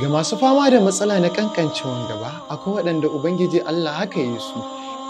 Ga masu fama da matsala na kankancewan gaba, akwai waɗanda Ubangiji Allah haka yi su.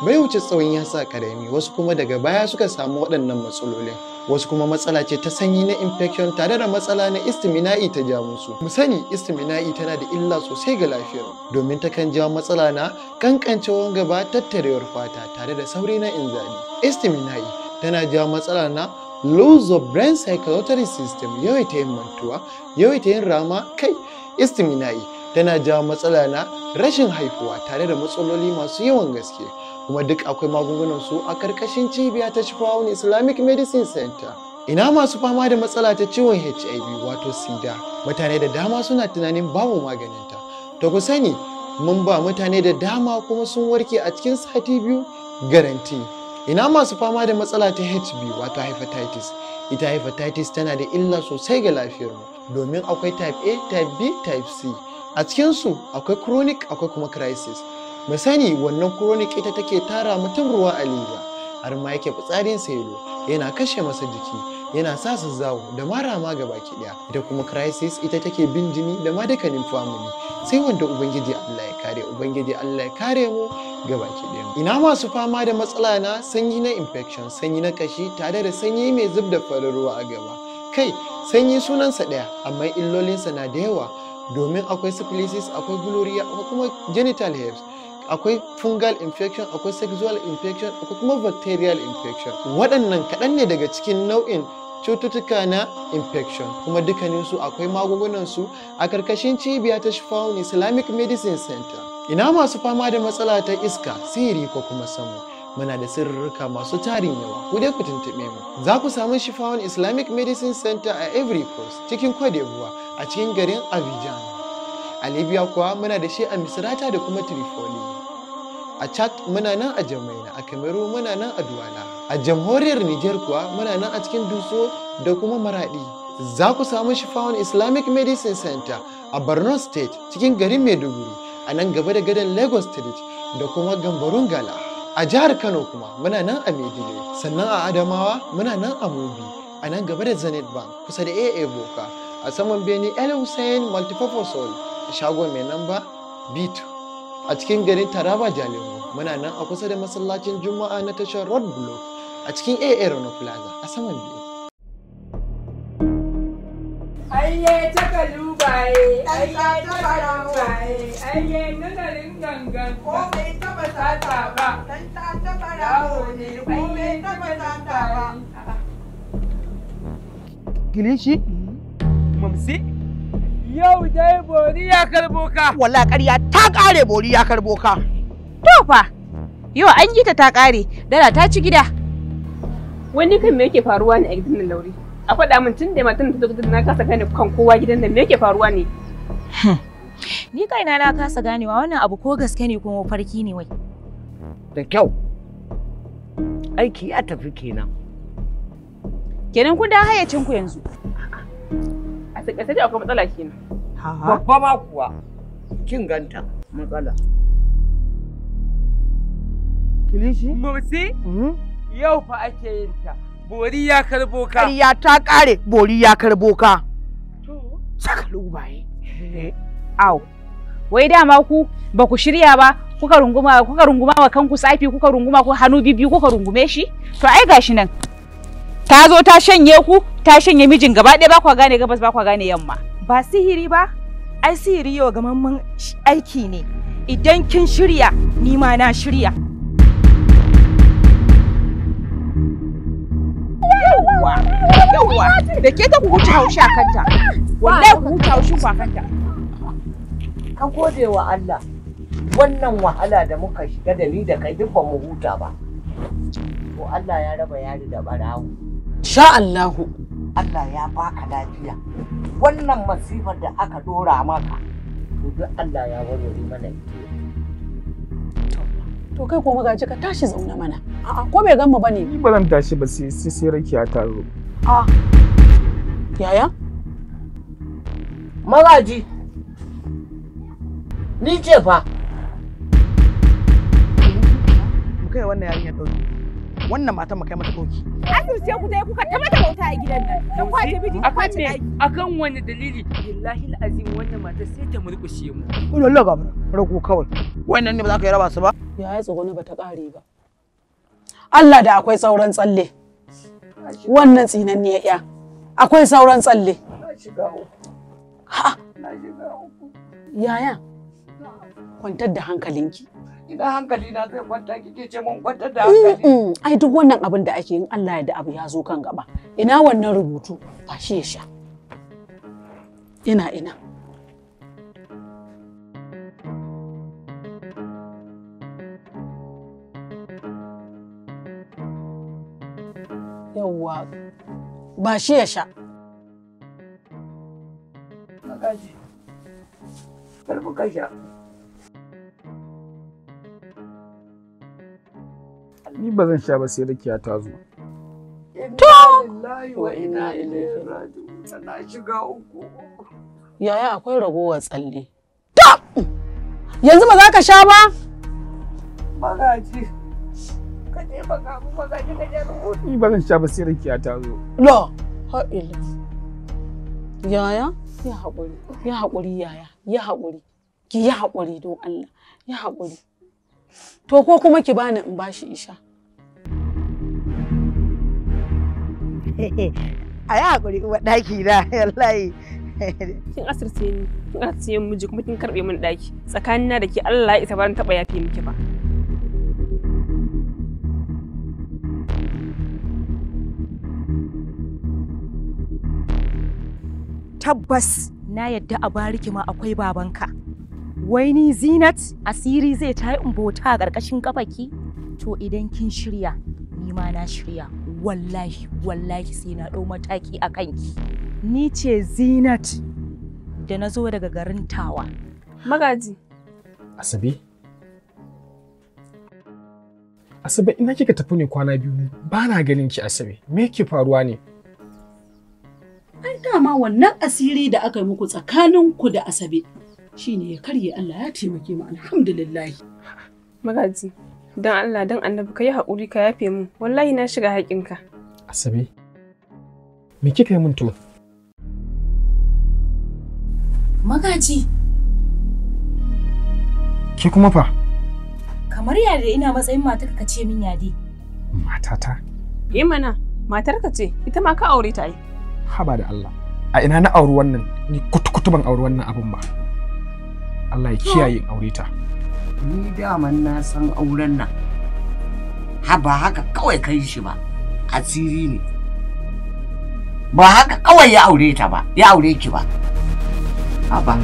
Bai wuce tsawon yatsa karami wasu kuma daga baya suka samu waɗannan matsalolin. Wasu kuma matsala ce ta sanyi na infection tare da matsala na istimina'i ta ja musu. Mu sani istimina'i tana da illa sosai ga lafiyar domin ta kan jawo matsala na kankancewan gaba tattarewar fata tare da sauri na inzali. Istimina'i tana jawo matsala na lose of brain circulatory system yawaita yin mantuwa, yawaita yin rama kai istimina'i tana jawo matsala na rashin haifuwa tare da matsaloli masu yawan gaske kuma duk akwai magungunan su a karkashin cibiya ta Shifawun Islamic Medicine Center. Ina masu fama da matsala ta ciwon HIV wato sida mutane da dama suna tunanin babu maganinta. To ku sani mun ba mutane da dama kuma sun warke a cikin sati biyu garanti. ina masu fama da matsala ta hiv wato hepatitis ita hepatitis tana da illa sosai ga lafiyarmu domin akwai type A, type B, type C. A cikinsu akwai chronic akwai kuma crisis. Mu sani wannan chronic ita take tara mutum ruwa a liya har ma yake fitsarin sailo yana kashe masa jiki yana sa su zawo da mara ma gaba ki daya ita kuma crisis ita take bin jini da ma dukkanin family sai wanda ubangiji Allah ya kare ubangiji Allah ya kare mu gaba ki daya ina masu fama da matsala na sanyi na infection sanyi na kashi tare da sanyi mai zub da farin ruwa a gaba kai sanyi sunansa ɗaya amma illolinsa na da yawa domin akwai syphilis akwai gloria, akwai kuma genital herpes akwai fungal infection akwai sexual infection akwai kuma bacterial infection waɗannan kaɗan ne daga cikin nau'in cututtuka na infection kuma dukkaninsu akwai magungunan su a karkashin cibiya ta shifawun islamic medicine center ina masu fama da matsala ta iska sihiri ko kuma samu muna da sirrika masu tarin yawa ku dai ku tuntube mu za ku samu shifawan islamic medicine center a every coast cikin cote a cikin garin abidjan a libya kuwa muna da shi a misrata da kuma trifoli a chad muna nan a jamaina a cameroon muna nan a duwala a jamhuriyar niger kuwa muna nan a cikin duso da kuma maradi za ku samu shifawan islamic medicine center a borno state cikin garin maiduguri a nan gaba da gadon lagos state da kuma gambarun gala a jihar kano kuma muna nan a Maiduguri sannan a adamawa muna nan a mubi a nan gaba da zenith bank kusa da aa boka a saman bene el hussein multipurpose hall shagon mai namba b2 a cikin garin taraba jalingo muna nan a kusa da masallacin juma'a na tashar road block a cikin aa Rono plaza a saman bene. quậy anh trai nó bay đầu quậy anh em nó đã đứng gần gần cố lên nó bay xa tà bạc đánh ta nó bay đầu thì cố lên nó bay xa tà bạc kilishi mamsi yau dai bori ya karbo ka wallahi ƙarya ta ƙare bori ya karbo ka to fa yau an gita ta ƙare dala ta ci gida wani kan me yake faruwa ne a gidan lauri a faɗa min tun da matan ta zo na kasa gane kan kowa gidan nan me yake faruwa ne hmm. ni kaina na kasa ganewa wannan abu ko gaske ne ko mafarki ne wai da kyau aiki ya tafi kenan kenan kun da hayyacin ku yanzu a da akwai matsala kenan babba ma kuwa kin ganta matsala kilishi motsi hmm? yau fa ake yin ta Bori ya karbo ka. Ƙarya ta ƙare bori ya karbo ka. Saka lubaye. Eh. Au. Wai dama ku ba ku shirya ba kuka runguma kuka runguma wa kanku tsafi kuka runguma ku hannu bibiyu kuka rungume shi to ai gashi nan ta zo ta shanye ku ta shanye mijin gaba ɗaya ba kwa gane gabas ba kwa gane yamma ba sihiri ba ai sihiri yau gamamman aiki ne idan kin shirya ni ma na shirya yawwa yawwa da ke ta ku huce haushi a kanta wallahi ku huce haushin ku a kanta ka gode wa Allah wannan wahala da muka shiga da ni da kai duk ba mu huta ba to Allah ya raba yari da barawo sha Allahu Allah ya baka lafiya wannan masifar da aka dora maka to duk Allah ya warware mana ita To kai ko magaji ka tashi zaune mana. A'a ko bai gama bane. Ni ba zan tashi ba sai sai sai rakiya ta A. Yaya? Magaji. Ni ce fa. Kai wannan yarinya dauki. wannan matan mu kai mata doki asirce ku dai kuka ta mata bauta a gidan nan dan kwace miji ta kwace aiki akan wani dalili billahi alazim wannan mata sai ta murƙushe mu Allah babura rago kawai wannan ne ba za ka yi raba su ba ya yi ne ba ta ƙare ba Allah da akwai sauran tsalle wannan tsinanniya ya akwai sauran tsalle yaya kwantar da hankalinki idan hankali na zai kwanta kike ce mun kwantar da mm, hankali mm. ai duk wannan abin da ake yin Allah ya da abu ya zo kan gaba ina wannan rubutu ba shi ya sha ina ina yawwa ba shi ya sha Magaji, karfi kasha. ni ba zan sha ba sai rakiya ta zo to wa ina shiga uku yaya akwai ragowar tsalle to yanzu ba za ka sha ba magaji ka je ka mu magaji ka je ni ba zan sha ba sai rakiya ta zo lo ha yaya ya haƙuri ya haƙuri yaya ya haƙuri ki yi haƙuri don Allah ya haƙuri to ko kuma ki bani in bashi isha a yi haƙuri uwa ɗaki na wallahi kin asirce ni kin asirce ji kuma kin karɓe min ɗaki tsakanina da ke Allah ya isa ba taɓa yafe miki ba tabbas na yadda a bariki ma akwai babanka wai ni zinat asiri zai ta yi bota a ƙarƙashin kafaki to idan kin shirya ni ma na shirya wallahi wallahi sai na ɗau mataki a kanki ni ce zinat da na zo daga garin tawa magaji asabe asabe ina kika tafi ne kwana biyu ba na ganin ki asabe me ke faruwa ne ai dama wannan asiri da aka yi muku tsakanin ku da asabe shine ya karye Allah ya taimake mu alhamdulillah magaji Don Allah don annabi ka yi haƙuri ka yafe min wallahi na shiga haƙinka. Asabe, me kika yi min to? Magaji. Ki kuma fa? Kamar yadda ina matsayin matarka ka ce min yade. Matata? Eh mana, matarka ce, ita ma ka aure ta yi. Haba da Allah, a ina na auri wannan, ni kutu ban auri wannan abin ba. Allah ya kiyaye aure ta. ni daman na san auren nan ba haka kawai kai shi ba asiri ne ba haka kawai ya aure ta ba ya aure ki ba ba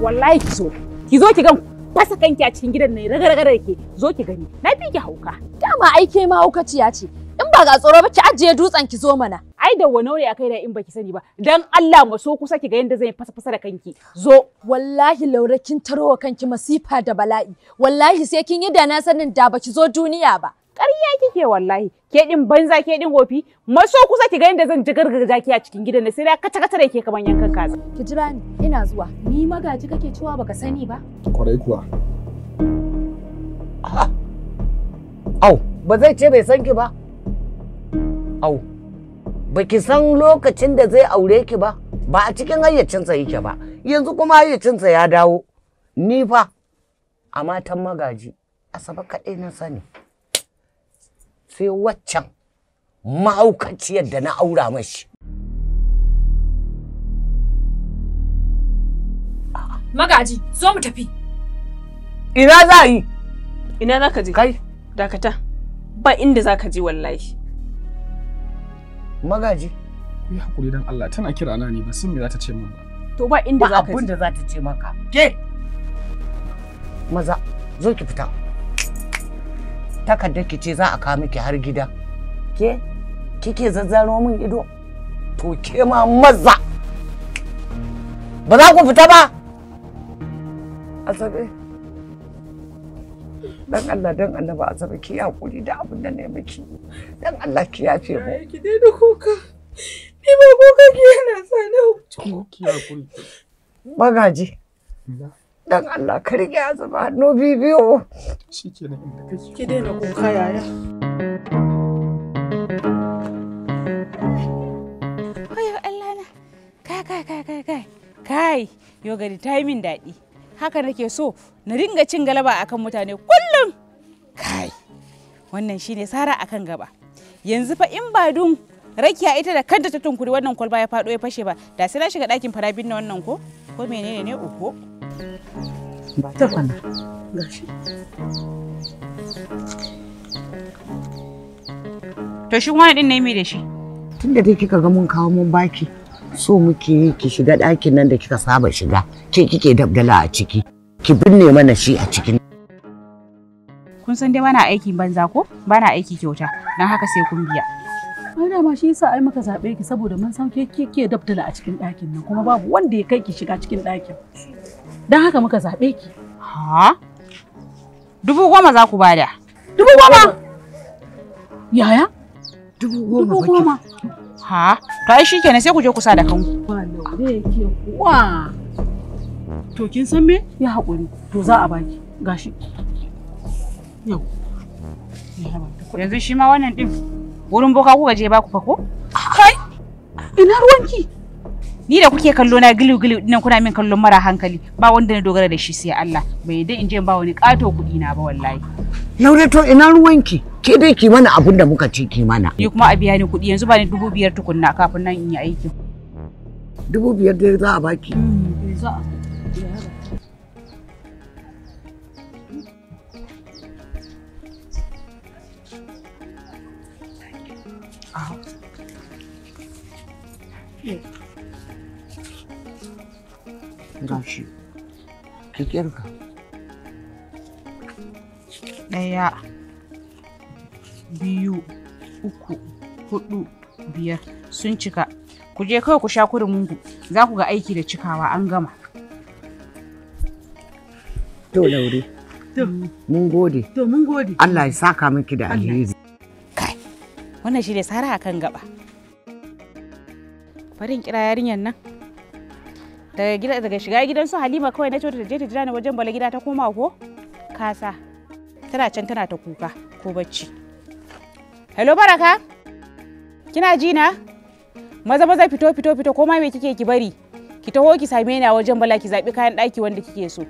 wallahi ki zo ki zo ki gan fasa kanki a cikin gidan nan ragar ke zo ki gani na fi ki hauka dama aike ma haukaciya ce in ba ga tsoro ba ki ajiye dutsen ki zo mana ai da wani ne akai da in baki sani ba dan Allah maso so kusa ki ga yanda zai fasa fasa da kanki zo wallahi laura kin tarowa kanki masifa da bala'i wallahi sai kin yi da na sanin da baki zo duniya ba ƙarya kike wallahi ke din banza ke din ma maso kusa ki ga yanda zan ji gargaja ki a cikin gidan sai da kata kata da ke kaman yankan kaza ki jira ni ina zuwa ni magaji kake cewa baka sani ba kwarai kuwa au ba zai ce bai san ki ba au baki san lokacin da zai aure ki ba ba a cikin hayyacinsa yake ba yanzu kuma hayyacinsa ya dawo ni fa a matan magaji asabe kaɗai na sani sai waccan mahaukaciyar da na aura mashi magaji zo mu tafi ina za yi ina za ka je kai dakata ba inda za ka je wallahi magaji ku yi hakuri dan Allah tana kira na ne ba sun me za ta ce min ba to ba inda za ka inda za ta ce maka ke maza zo ki fita takardar ki ce za a kawo miki har gida ke kike zazzaro min ido to ke ma maza ba za ku fita ba asabe dan Allah dan annaba a zama ki hakuri da abin da ne miki dan Allah ki yafe mu ki dai da kuka ni ba kuka ki yana sa na ki hakuri magaji dan Allah ka rike azaba hannu biyo shikenan inda kake ki dai da kuka yaya Kai, kai, kai, kai, kai, kai, yogari ta yi min daɗi. haka nake so na dinga cin galaba akan mutane kullum kai wannan shine sara akan gaba yanzu fa in ba dun rakiya ita da kanta ta tunkuri wannan kwalba ya fado ya fashe ba da sai na shiga dakin farabin na wannan ko ko menene ne uku ba ta kwana gashi to shi wani din ne me da shi tunda dai kika ga mun kawo mun baki so muke yi ki shiga ɗakin nan da kika saba shiga ke kike dabdala a ciki ki binne mana shi a cikin kun san dai bana aiki banza ko bana aiki kyauta dan haka sai kun biya ai ma shi yasa ai muka zabe ki saboda mun san ke kike dabdala a cikin ɗakin nan kuma babu wanda ya kai ki shiga cikin ɗakin dan haka muka zabe ki ha dubu goma za ku bada dubu goma yaya dubu goma Ha, to ai shikenan sai ku je ku sa da kanku. Wallahi yake kuwa. To kin san me? Ya haƙuri. To za a baki. Gashi. Yau. Yanzu shi ma wannan din wurin boka kuka gaje ba ku fa ko? Kai. Ina ruwanki? Ni da kuke kallo na gilu gilu dinnan kuna min kallon mara hankali ba wanda na dogara da shi sai Allah. Bai yadda in je in ba wani ƙato kuɗi na ba wallahi. Laure to ina ruwanki? Ke dai ki mana abin da muka ce ki mana. Ni kuma a biya ni kuɗi yanzu ba ni dubu biyar tukunna kafin nan in yi aiki. Dubu biyar dai za a baki. Gashi, ki hmm, kirga. ɗaya biyu uku huɗu biyar sun cika ku je kawai ku sha mungu za ku ga aiki da cikawa an gama to laure mun gode to mun gode Allah ya saka miki da alheri kai wannan shi ne sara akan gaba farin kira yarinyar nan daga shiga gidan su halima kawai na ce ta je ta jira ni wajen bala gida ta koma ko kasa tana can tana ta kuka ko bacci hello baraka kina ji na maza maza fito fito fito ko ma me kike ki bari ki taho ki same ni a wajen bala ki zabi kayan daki wanda kike so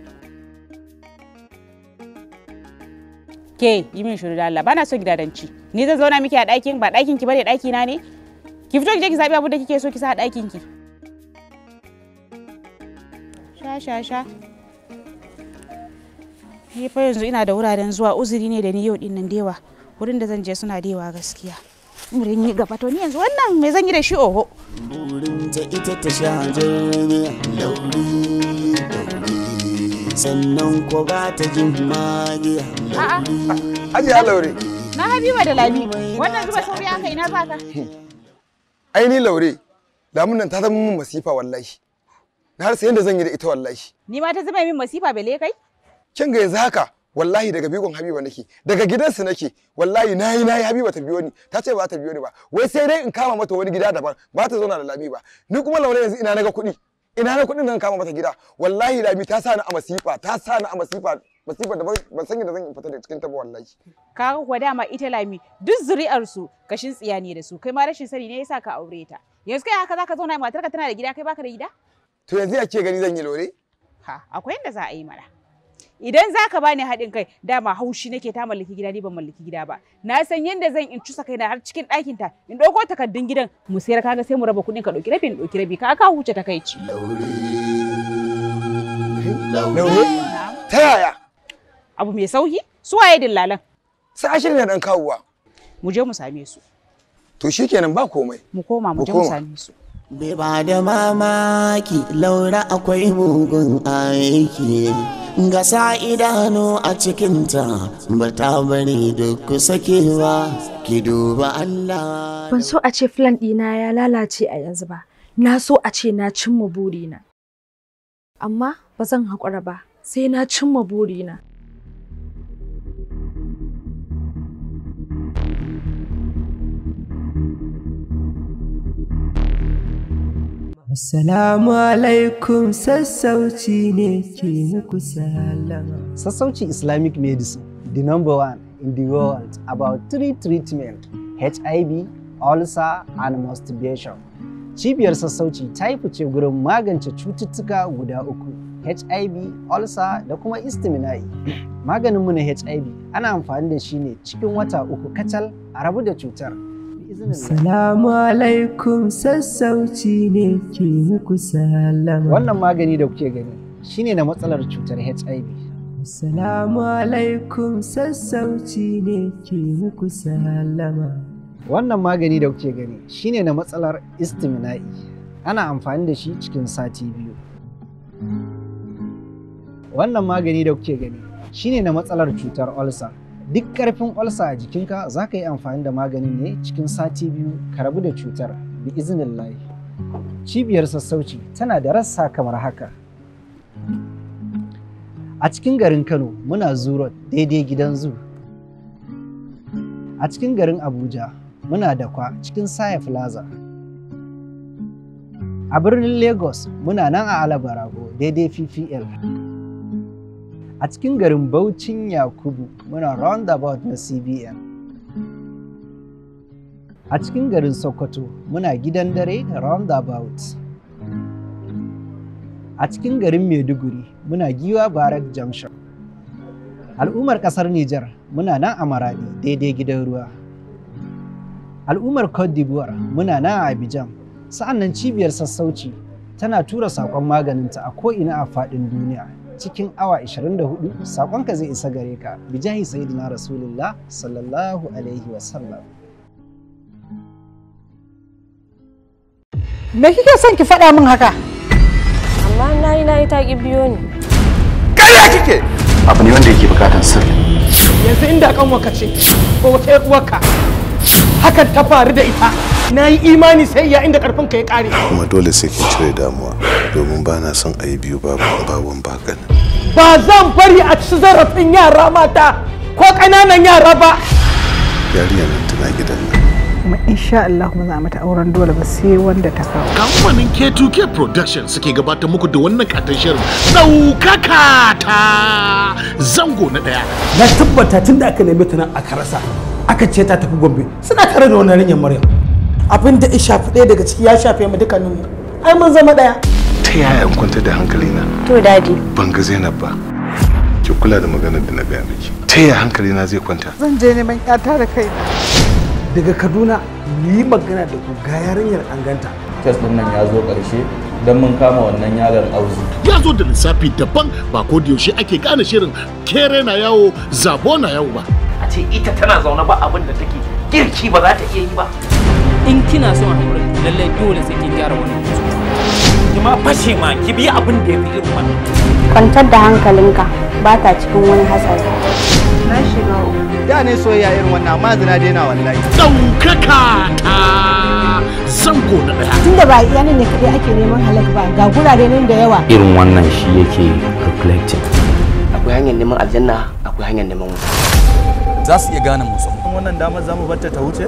ke yi min shiru da Allah bana so gidadanci ni zan zauna miki a dakin ba dakin ki bare daki na ne ki fito ki je ki zabi abin da kike so ki sa a dakin ki sha sha sha ni fa yanzu ina da wuraren zuwa uzuri ne da ni yau din nan dewa wurin da zan je suna dewa gaskiya murin yi gaba to ni yanzu wannan me zan yi da shi oho burin ta ita ta sha jirgin lauri sannan ko ba ta jin magiya a'a aje laure na habiba da lami wannan zuba sauri aka ina za ka. aini laure damun nan ta zama min masifa wallahi na har sai yanda zan yi da ita wallahi ni ma ta zama min masifa bele kai kin ga yanzu haka wallahi daga bigon habiba nake daga gidansu nake wallahi nayi nayi habiba ta biyo ni ta ce ba ta biyo ni ba wai sai dai in kama mata wani gida daban ba ta zauna da lami ba ni kuma laure yanzu ina naga kuɗi ina na kuɗin nan kama mata gida wallahi lami ta sa ni a masifa ta sa ni a masifa masifa da ban san yadda zan in fita da cikin ta ba wallahi ka kuwa dama ita lami duk zuri'ar su kashin tsiya ne da su kai ma rashin sani ne yasa ka aure ta yanzu kai haka zaka zauna matarka tana da gida kai baka da gida to yanzu ya ce gani zan yi lore ha akwai yanda za a yi mana idan za ka bani haɗin kai dama haushi nake ta mallaki gida ni ban mallaki gida ba na san yadda zan in cusa kaina har cikin ɗakin ta in ɗauko takardun gidan mu sayar kaga sai mu raba kuɗin ka ɗauki rabi in ɗauki rabi ka ka huce ta kai ci. ta yaya. abu mai sauki su waye dillalan. sai ashirin na ɗan kawuwa. mu je mu same su. to shikenan ba komai. mu koma mu je mu same su. Bai ba da mamaki laura akwai mugun aiki ga sa idanu a cikinta ba ta bari duk sakewa ki duba Allah. Ban so a ce filan ɗina ya lalace a yanzu ba, na so a ce na cimma burina. Amma ba zan haƙura ba sai na cimma burina. Assalamu alaikum sassauci ne ke muku salama. Sassauci Islamic medicine, the number one in the world about three treatment, HIV, ulcer and masturbation. Cibiyar sassauci ta yi fice gurin magance cututtuka guda uku, HIV, ulcer da kuma istimina'i. Maganinmu na HIV ana amfani da shi ne cikin wata uku kacal a rabu da cutar. Salamu alaikum sassauci ne ke muku salama. Wannan magani da kuke gani shi ne na matsalar cutar HIV. Salamu alaikum sassauci ne ke muku salama. Wannan magani da kuke gani shi ne na matsalar istimina'i. Ana amfani da shi cikin sati biyu. Wannan magani da kuke gani shi ne na matsalar cutar ulcer. duk ƙarfin olsa a jikinka za ka yi amfani da maganin ne cikin sati biyu ka rabu da cutar bi izinin layi cibiyar sassauci tana da rassa kamar haka a cikin garin kano muna zuro daidai gidan zu a cikin garin abuja muna da kwa cikin saya plaza a birnin lagos muna nan a alabarago daidai ppl a cikin garin Baucin Yakubu muna roundabout na CBN. A cikin garin Sokoto muna gidan dare roundabout. A cikin garin Maiduguri muna giwa Barak Junction. Al'ummar ƙasar Nijar muna nan a Maradi daidai gidan ruwa. Al'ummar Cote d'Ivoire muna nan a Abidjan sa'annan cibiyar sassauci tana tura saƙon maganinta a ko'ina a faɗin duniya. cikin awa 24 sakonka zai isa gare ka bijahi sayyidina rasulullah sallallahu alaihi wasallam me kike son ki faɗa min haka amma na yi na yi ta biyo ni kariya kike abu ne wanda yake bukatan sirri yanzu inda kan waka ce ko wata uwarka hakan ta faru da ita na yi imani sai ya inda karfin ka ya kare kuma dole sai kin cire damuwa domin ba na son a yi biyu babban bakan ba zan bari a ci zarafin yara mata ko ƙananan yara ba yariya nan tana gidan nan kuma insha Allah kuma za mata auren dole ba sai wanda ta kawo kamfanin K2K production suke gabatar muku da wannan katon shirin ta zango na daya na tabbata tun da aka neme ta nan aka rasa aka ce ta tafi Gombe suna tare da wannan rinyar Maryam abin da ya shafi ɗaya daga ciki ya shafe mu dukkaninmu ai mun zama ɗaya ta yaya in kwanta da hankalina to dadi ban ga Zainab ba ki kula da maganar da na gaya miki ta yaya hankalina zai kwanta zan je neman ƴata da kaina. daga kaduna yi magana da ku ga yarinyar an ganta tes din nan ya zo karshe don mun kama wannan yaron auzu ya zo da lissafi daban ba ko da yaushe ake gane shirin kere na yawo zabo na yawo ba a ce ita tana zaune ba abin da take girki ba za ta iya yi ba in kina son haƙurin lallai dole sai kin gyara wannan kuma ma fashe ma ki bi abin da ya fi irin wannan kwantar da hankalinka ba ta cikin wani hatsari na shiga da ne soyayya irin wannan amma zina daina wallahi ɗaukaka ta zango na ɗaya tun da ba iya nan ne kaɗai ake neman halak ba ga gurare nan da yawa irin wannan shi yake reflecting akwai hanyar neman aljanna akwai hanyar neman wuta za su iya gane musu wannan damar za mu ta wuce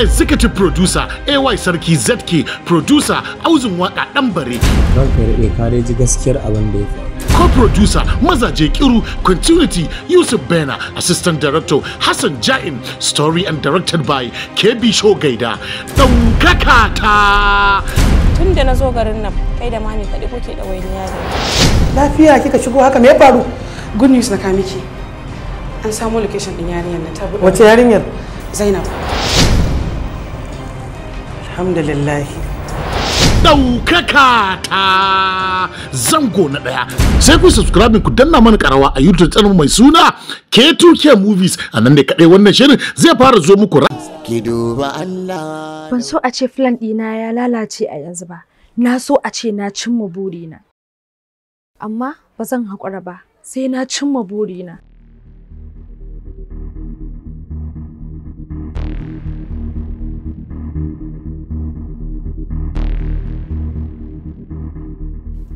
executive producer ay sarki zk producer auzun waka ɗanbare ranka ya kare ji gaskiyar abin da co-producer mazaje kiru continuity yusuf bena assistant director hassan jain story and directed by kb shogaida daukaka ta tun da na zo garin nan kai da mani kaɗi kuke da wani yare lafiya kika shigo haka me ya faru good news na kamiki an samu location din yarinyar nan ta buɗe wace yarinyar zainab alhamdulillah daukaka ta zango na ɗaya sai ku subscribe ku danna mana karawa a youtube channel mai suna k2k movies a nan ne kaɗai wannan shirin zai fara zo muku ban so a ce flan ɗina ya lalace a yanzu ba na so a ce na cimma burina amma ba zan haƙura ba sai na cimma burina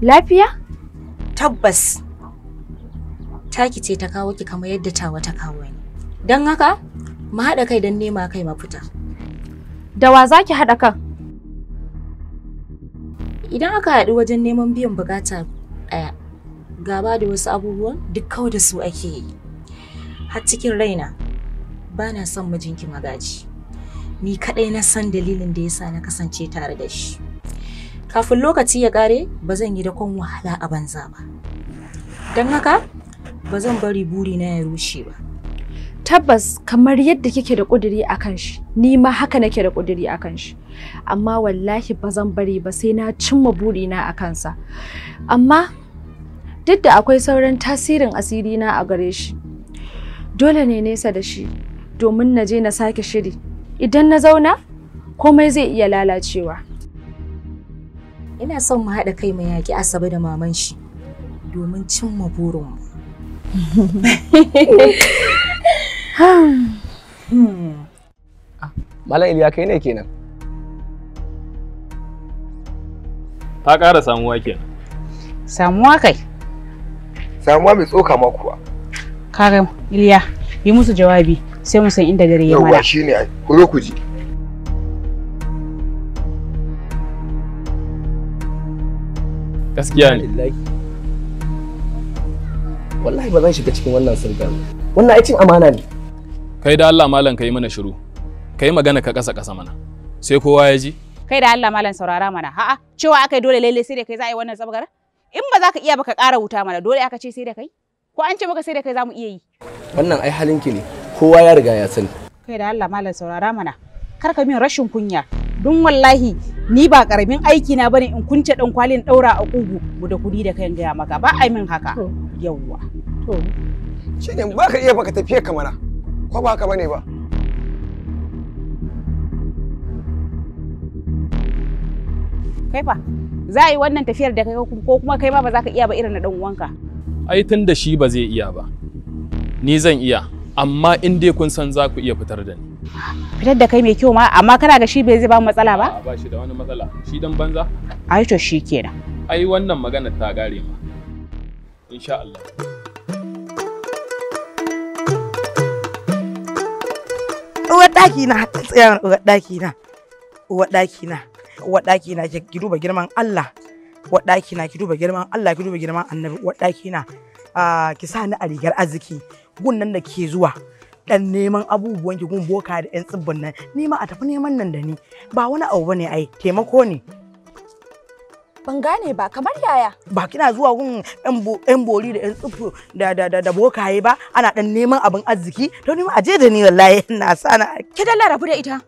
Lafiya? Tabbas. Taki ce ta kawo ki kamar yadda tawa ta kawo ni. Don haka, mu haɗa kai don nema kai mafita. Da wa za ki haɗa kan? Idan aka haɗu wajen neman biyan bukata ɗaya, gaba da wasu abubuwan duk kawai da su ake yi. Har cikin raina, ba na son mijinki magaji. Ni kaɗai na san dalilin da yasa na kasance tare da shi. Kafin lokaci ya ƙare, ba zan yi da kon wahala a banza ba. Don haka, ba zan bari buri na ya rushe ba. Tabbas kamar yadda kike da ƙuduri a kan shi, ni ma haka nake da ƙuduri a kan shi. Amma wallahi ba zan bari ba sai na cimma na a kansa. Amma duk da akwai sauran tasirin asiri na a gare shi. Dole ne nesa da shi domin na je na sake shiri. Idan na zauna, komai zai iya lalacewa. Ina son mu haɗa kai mu yaƙi Asabe da maman shi domin cimma burinmu. Hmm. Malam Iliya kai ne kenan. Ta ƙara samuwa kenan. Samuwa kai. Samuwa mai tsoka ma kuwa. Kaga Iliya, yi musu jawabi sai mu san inda gare ya mara. Yawwa shine ai, ku zo ku ji. gaskiya ne wallahi ba zan shiga cikin wannan sirga wannan aikin amana ne kai da Allah malam kai mana shiru kai magana ka kasa kasa mana sai kowa ya ji kai da Allah malam saurara mana a'a cewa akai dole lalle sai da kai za a yi wannan zabgara in ba za ka iya ba ka ƙara wuta mana dole aka ce sai da kai ko an ce baka sai da kai za mu iya yi wannan ai halinki ne kowa ya riga ya sani kai da Allah malam saurara mana kar ka min rashin kunya don wallahi ni ba karamin aiki na bane in kunce dan kwalin daura a kugu mu da kudi da kayan gaya maka ba ai min haka yawwa to shine ba ka iya baka tafiye kamana ko ba ka bane ba kai fa za a yi wannan tafiyar da kai ko kuma kai ma ba za ka iya ba irin na dan uwanka ai tun da shi ba zai iya ba ni zan iya amma in dai kun san za ku iya fitar da ni fitar da kai mai kyau ma amma kana ga shi bai zai ba matsala ba ba shi da wani matsala shi dan banza ai to shi kenan ai wannan magana ta gare ma insha Allah uwa daki na tsayar uwa daki na uwa daki na uwa daki na ki duba girman Allah uwa daki na ki duba girman Allah ki duba girman Annabi uwa daki na ah, ki sa ni a rigar arziki nan da ke zuwa dan neman abubuwan ki gun boka da yan tsibbin nan ni ma a tafi neman nan da ni ba wani abu bane ai taimako ne ban gane ba kamar yaya ba kina zuwa gun yan bori da yan tsufu da da da, da bokaye ba ana dan neman abin arziki to ni ma aje da ni wallahi ina sana ki dalla rafu da ita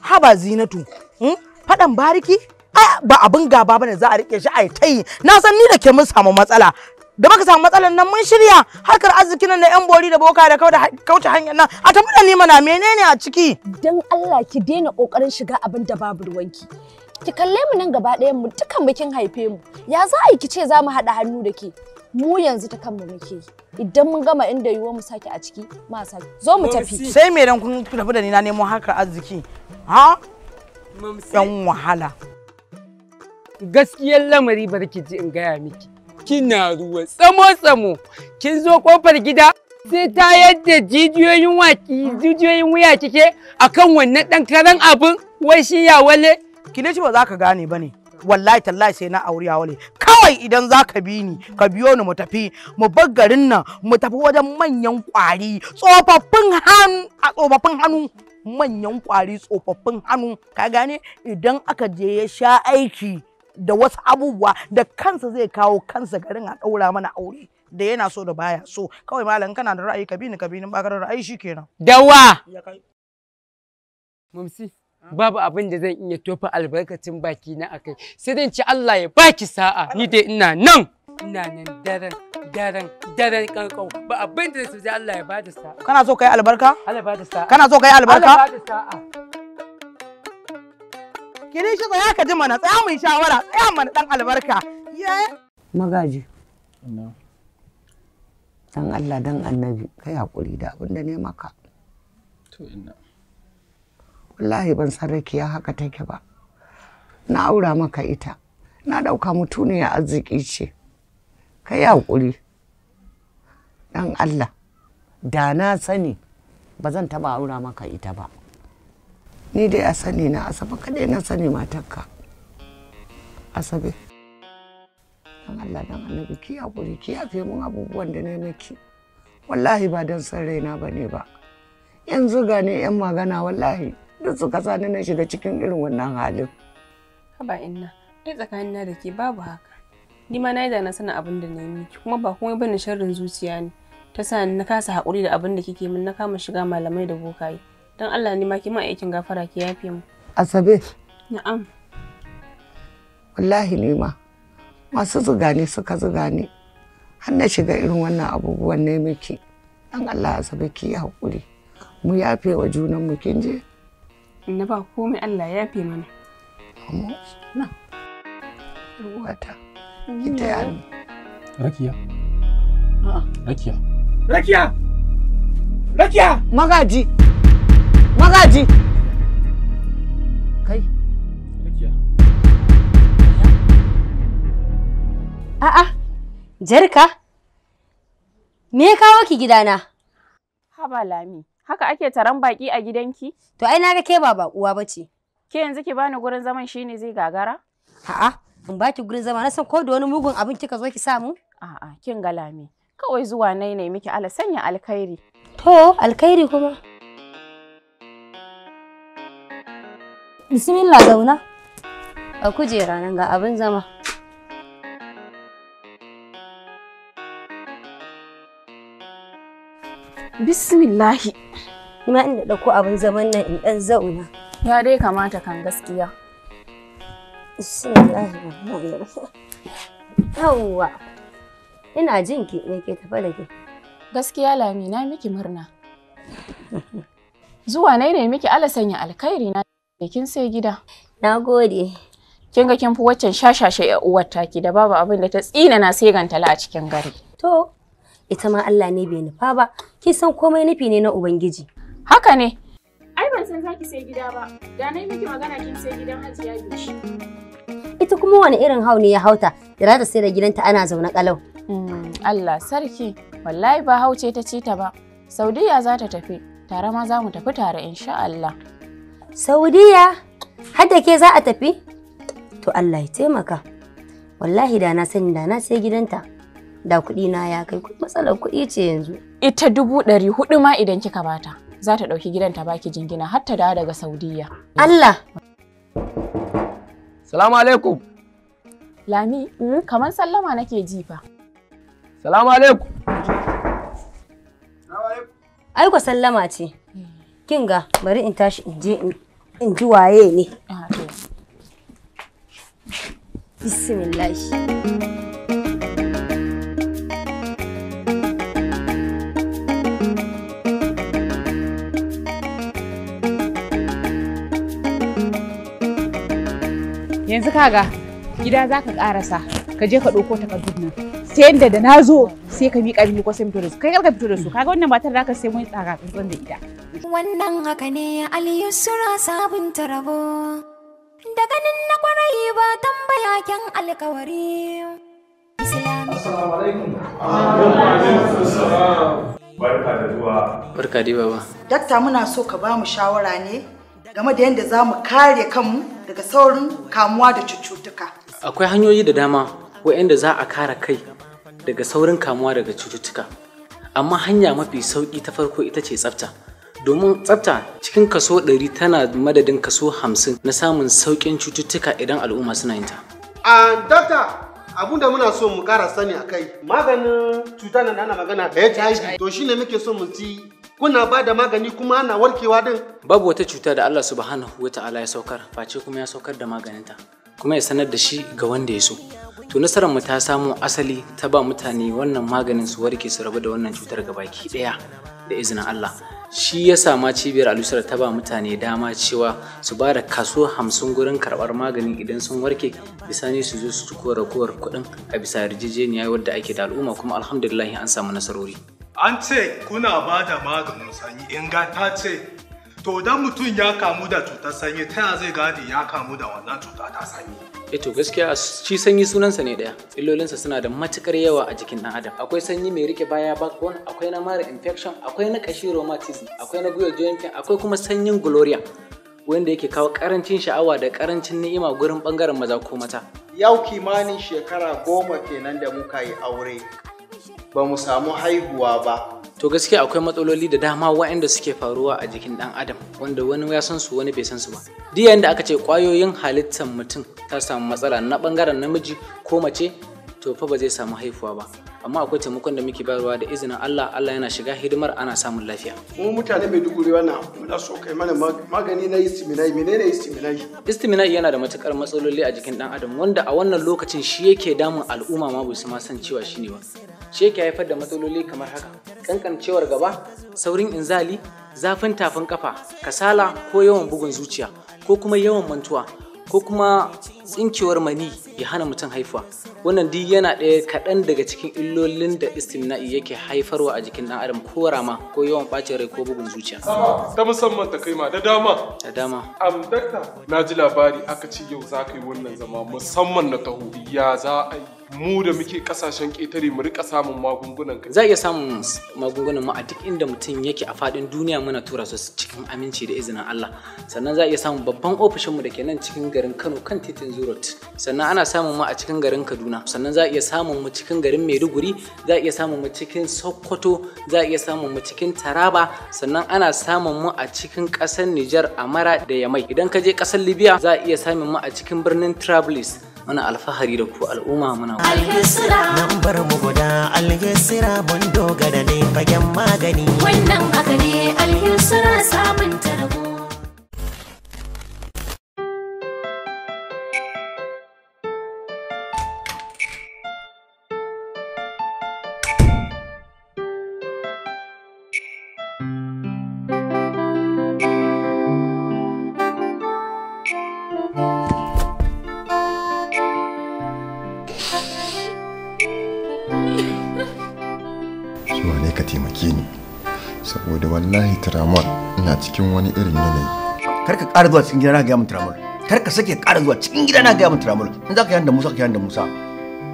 haba zinatu hmm? fadan bariki ai ba abin gaba bane za a rike shi ai tayi na san ni da ke mun samu matsala da baka samu matsalar nan mun shirya harkar arziki nan na yan bori da boka da kauce hanyar nan a tamu da nima na menene a ciki dan Allah ki daina kokarin shiga abin da babu ruwanki ki kalle mu nan gaba ɗayan mu dukan kin haife mu ya za a yi ki ce za mu haɗa hannu da ke mu yanzu ta kanmu muke idan mun gama inda yiwuwa mu sake a ciki ma sake zo mu tafi sai me dan kun tafi da ni na nemo harkar arziki ha ɗan wahala gaskiyar lamari barki ji in gaya miki kina ruwa tsamo-tsamo kin zo kofar gida sai ta yadda jijiyoyin waki jijiyoyin wuya kike akan wannan dan karan abin wai shi ya wale kile shi ba za ka gane ba ne wallahi tallahi sai na aure ya wale kawai idan za ka bi ni ka biyo ni mu tafi mu bar garin nan mu tafi wajen manyan kwari tsofaffin hannu a tsofaffin hannu manyan kwari tsofaffin hannu ka gane idan aka je ya sha aiki da wasu abubuwa da kansa zai kawo kansa garin a ɗaura mana aure da yana so da baya so kawai malam kana da ra'ayi kabini kabinin ba da ra'ayi shikenan dawa mumsi babu abin da zan iya tofa albarkacin baki na akai sai dan ci Allah ya baki sa'a ni dai ina nan ina nan daren daren daren kankau ba abin da zai Allah ya bada sa'a kana so kai albarka Allah ya bada sa'a kana so kai albarka Allah ya bada sa'a Kini shi tsaya ka ji mana tsaya mun shawara tsaya mana dan albarka. Magaji. Dan Allah dan annabi kai hakuri da abin da ne maka. To inna Wallahi ban san rakiya haka take ba. Na aura maka ita. Na dauka mutuniya arziki ce. Kai hakuri. Dan Allah. Da na sani ba zan taba aura maka ita ba. ni dai a sani na asabe kadai na sani matarka asabe dan Allah dan annabi ki hakuri ki yafe mun abubuwan da na miki wallahi ba dan san raina bane ba yanzu ga ne yan magana wallahi duk suka sani na shiga cikin irin wannan halin haba inna ai tsakanina da ke babu haka ni ma na yi da na sanin abin da na miki kuma ba komai bane sharrin zuciya ne ta sa na kasa haƙuri da abin da kike min na kama shiga malamai da bokaye Don Allah ne ma ki ma aikin gafara ki yafe mu. Asabe. Na'am. Wallahi ni ma. Masu zuga ne suka zuga ne. Har na shiga irin wannan abubuwan ne miki. Dan Allah Asabe ki yi hakuri. Mu yafe wa junan mu kin je. Na ba komai Allah yafe mana. Amma na. Ruwata. Ki ta yi Rakiya. Rakiya. Rakiya. Rakiya! Magaji! magaji kai a'a jarka me ya kawo ki gidana haba lami haka ake taron baki a gidanki to ai na ga ke ba bakuwa bace ke yanzu ki bani gurin zaman shine zai gagara a'a in baki gurin zama na san ko da wani mugun abin kika zo ki samu a'a kin ga lami kawai zuwa nai ne miki ala sanya alkhairi to alkhairi kuma Bismillah zauna. A kujera nan ga abin zama. Bismillahi. Ina inda ɗauko abin zaman nan in ɗan zauna. Ya dai kamata kan gaskiya. Yawwa. Ina jin ki me ke tafa da ke. Gaskiya Lami na miki murna. Zuwa nai ne miki ala sanya alkhairi na. Kin sai gida. Na gode. Kin ga kin fi waccan shashashe ya uwar taki da babu abin da ta tsina na sai gantala a cikin gari. To, ita ma Allah ne bai nufa ba. Kin san komai nufi ne na Ubangiji. Haka ne. Ai ban san zaki sai gida ba. Da na yi miki magana kin sai gidan Hajiya Bishi. Ita kuma wani irin hau ne ya hauta da za ta sai da gidanta ana zaune kalau. Hmm, Allah sarki, wallahi ba hauce ta ci ta ba. Saudiya za ta tafi, tare ma za mu tafi tare insha Allah. Saudiya har da ke za a tafi? To Allah ya taimaka. Wallahi da na sani da na sai gidanta. Da kuɗi na ya kai matsalar kuɗi ce yanzu. Ita dubu ɗari huɗu ma idan kika bata. Za ta ɗauki gidanta baki jingina har ta dawo daga Saudiya. Allah! Salamu alaikum. Lami, hmm? kamar sallama nake ji fa. Salamu alaikum. Salamu alaikum. Aiko sallama ce. Kinga, bari in tashi in je in in ji waye ne bismillah yanzu kaga gida zaka ka karasa ka je ka ɗauko takardun nan sai da da na zo sai ka miƙa mini kwasan su kai ka fito da su kaga wannan matar da aka sai mun tsaka tsantsan da ita wannan haka ne aliyu sura sabon tarabo da ganin na kwarai ba tambaya kyan alkawari Barka da zuwa. Barka dai baba. Dakta muna so ka bamu shawara ne game da yadda za mu kare kanmu daga saurin kamuwa da cututtuka. Akwai hanyoyi da dama waɗanda za a kare kai daga saurin kamuwa daga cututtuka amma hanya mafi sauki ta farko ita ce tsafta domin tsafta cikin kaso 100 tana madadin kaso 50 na samun saukin cututtuka idan al'umma suna yin ta a dokta abun da muna so mu kara sani a kai maganin cuta nan ana magana hiv to shine muke so mu ci kuna ba da magani kuma ana warkewa din babu wata cuta da Allah subhanahu wa ta'ala ya saukar face kuma ya saukar da maganinta kuma ya sanar da shi ga wanda ya so to nasarar mu ta samu asali ta ba mutane wannan maganin su warke su rabu da wannan cutar gabaki daya da izinin Allah shi ya ma cibiyar alusar ta ba mutane dama cewa su ba da kaso hamsin gurin karbar maganin idan sun warke ne su zo su ci ragowar kuɗin a bisa yarjejeniya wadda ake da al'umma kuma alhamdulillah an samu nasarori an ce kuna ba da maganin sanyi in ta ce to dan mutum ya kamu da cutar sanyi ta zai gane ya kamu da wannan cuta ta sanyi Eto, eh gaskiya shi sanyi sunansa ne daya illolinsa suna da matukar yawa a jikin dan adam akwai sanyi mai rike baya backbone akwai na mara infection akwai na kashi rheumatism akwai na guyo joint pain akwai kuma sanyin gloria wanda yake kawo karancin sha'awa da karancin ni'ima gurin bangaren maza ko mata yau kimanin shekara goma kenan da muka yi aure ba mu samu haihuwa ba to gaskiya akwai matsaloli da dama wa'anda suke faruwa a jikin dan adam wanda wani ya san su wani bai san su ba duk yayin da aka ce kwayoyin halittar mutum ta samu matsala na bangaren namiji ko mace to fa ba zai samu haifuwa ba amma akwai taimakon da muke bayarwa da izinin Allah Allah yana shiga hidimar ana samun lafiya mu mutane mai duguri wannan muna so kai mana magani na istiminai menene istiminai istiminai yana da matukar matsaloli a jikin dan adam wanda a wannan lokacin shi yake damun al'umma ma bai ma san cewa shine ba ce yake haifar da matsaloli kamar haka kankancewar gaba saurin inzali zafin tafin kafa kasala ko yawan bugun zuciya ko kuma yawan mantuwa ko kuma tsinkewar mani ya hana mutum haifuwa wannan duk yana ɗaya kaɗan daga cikin illolin da istimna'i yake haifarwa a jikin ɗan adam ko rama ko yawan ɓacin rai ko bugun zuciya ta musamman ta kai ma da dama da dama am dakta na ji labari aka ci yau za ka yi wannan zama musamman na taho ya za a yi mu da muke kasashen ƙetare mu rika samun magungunan ka za iya samun magungunan mu a duk inda mutum yake a faɗin duniya muna tura su cikin aminci da izinin Allah sannan za iya samun babban ofishin mu da ke nan cikin garin Kano kan titin Zurot sannan ana samun mu a cikin garin Kaduna sannan za iya samun mu cikin garin Maiduguri za iya samun mu cikin Sokoto za iya samun mu cikin Taraba sannan ana samun mu a cikin ƙasar Nijar Amara da Yamai idan ka je ƙasar Libya za iya samun mu a cikin birnin Trablis muna alfahari da ku al'umma muna alhisira nan bar mu guda alhisira mun dogara ne fagen magani wannan haka ne alhisira sabunta rabo tramol ina cikin wani irin yanayi kar ka ƙara zuwa cikin gida na gaya min tramol kar ka sake ƙara zuwa cikin gida na gaya min tramol in za ka yi musa ka yanda musa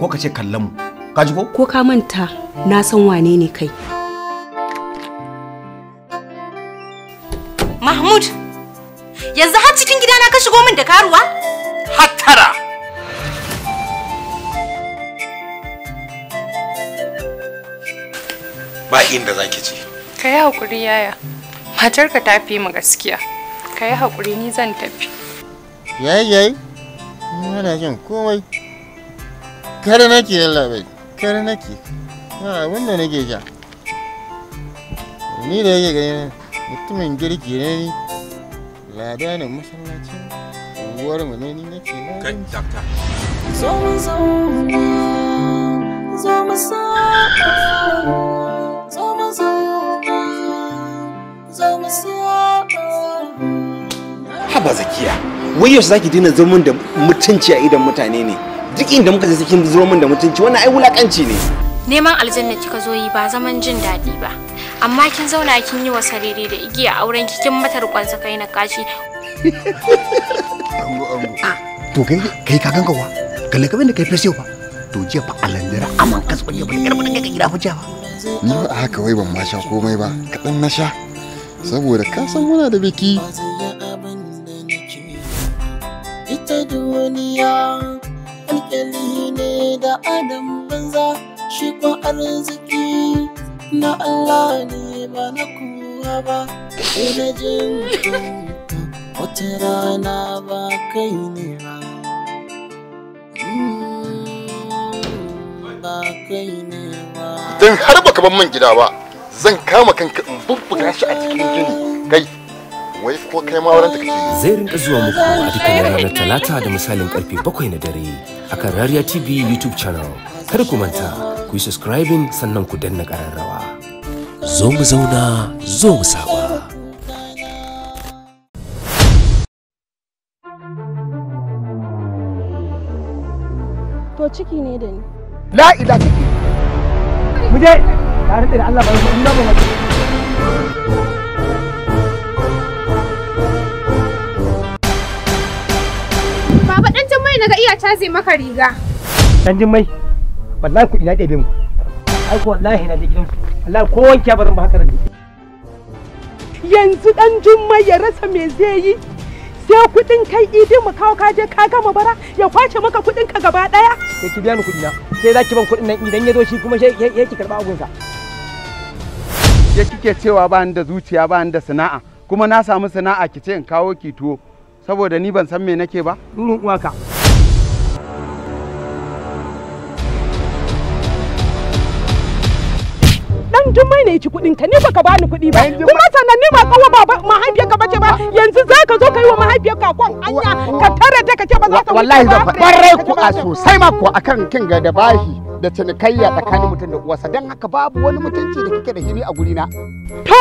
ko ka ce kallon mu ka ji ko ko ka manta na san wane ne kai Mahmud yanzu har cikin gida na ka shigo min da karuwa hattara ba inda zaki ci ka yi haƙuri yaya matarka ta fi mu gaskiya ka yi haƙuri ni zan tafi yayi yayi yana jin komai kare nake bai, kare nake ba abin da nake ja ni da yake gani mutumin girki ne ni lada ne masallacin uwar mu ne ni nake na kai dakta zo mu zauna zo mu sa'a ba zakiya wai yaushe zaki dina zurmin da mutunci a idan mutane ne duk inda muka je cikin zurmin da mutunci wannan ai wulakanci ne neman aljanna kika zo yi ba zaman jin daɗi ba amma kin zauna kin yi wa sarere da igiya auren ki kin matar kwansa kai na kashi ango ango to kai kai ka ganka wa kalle ka da kai fesiyo ba to jiya fa alandira aman ka tsoye ba yar mun ga gida fa ba ni ba haka wai ban ma sha komai ba kadan na sha saboda ka san muna da biki duniya alƙali ne da adam banza shi kwa arziki na Allah ne ba na kowa ba ina jin wata rana ba kai ne ba mm, ba kai ne ba don har baka ban man gida ba zan kama kanka in bubbuga shi a cikin gini kai wai ko kai ma wurin take zai rinka zuwa muku a dukkanin ranar talata da misalin karfe 7 na dare a kan Rariya TV YouTube channel kar ku manta ku yi subscribing sannan ku danna kararrawa zo mu zauna zo mu saba to ciki ne da ni la ila ciki mu je tare da Allah ba mu ba mu ga iya caji maka riga. Dan jin mai. Wallahi kuɗi na ɗebe mu. Ai ko wallahi na da gidan. Wallahi ko wanke ba zan ba haka rage. Yanzu dan Jummai ya rasa me zai yi. Sai kuɗin kai idin mu kawo ka je ka gama bara ya kwace maka kuɗin ka gaba daya. Sai ki biya ni kuɗi na. Sai za ki ban kuɗin nan idan ya zo shi kuma ya ki karɓa sa. Ya kike cewa ba da zuciya ba da sana'a kuma na samu sana'a ki ce in kawo ki tuwo saboda ni ban san me nake ba. Rurin uwaka. jummai ne ci kuɗin ka ni baka bani kuɗi ba kuma sannan ni ba kawo baba mahaifiyar ka bace ba yanzu za ka zo kai wa mahaifiyar ka kwan anya ka tare ta ka ce ba za ta wallahi ba. kwarai ku a sosai ma ku akan kin ga da bahi da cinikayya tsakanin mutum da uwarsa don haka babu wani mutunci da kike da shi a na. To,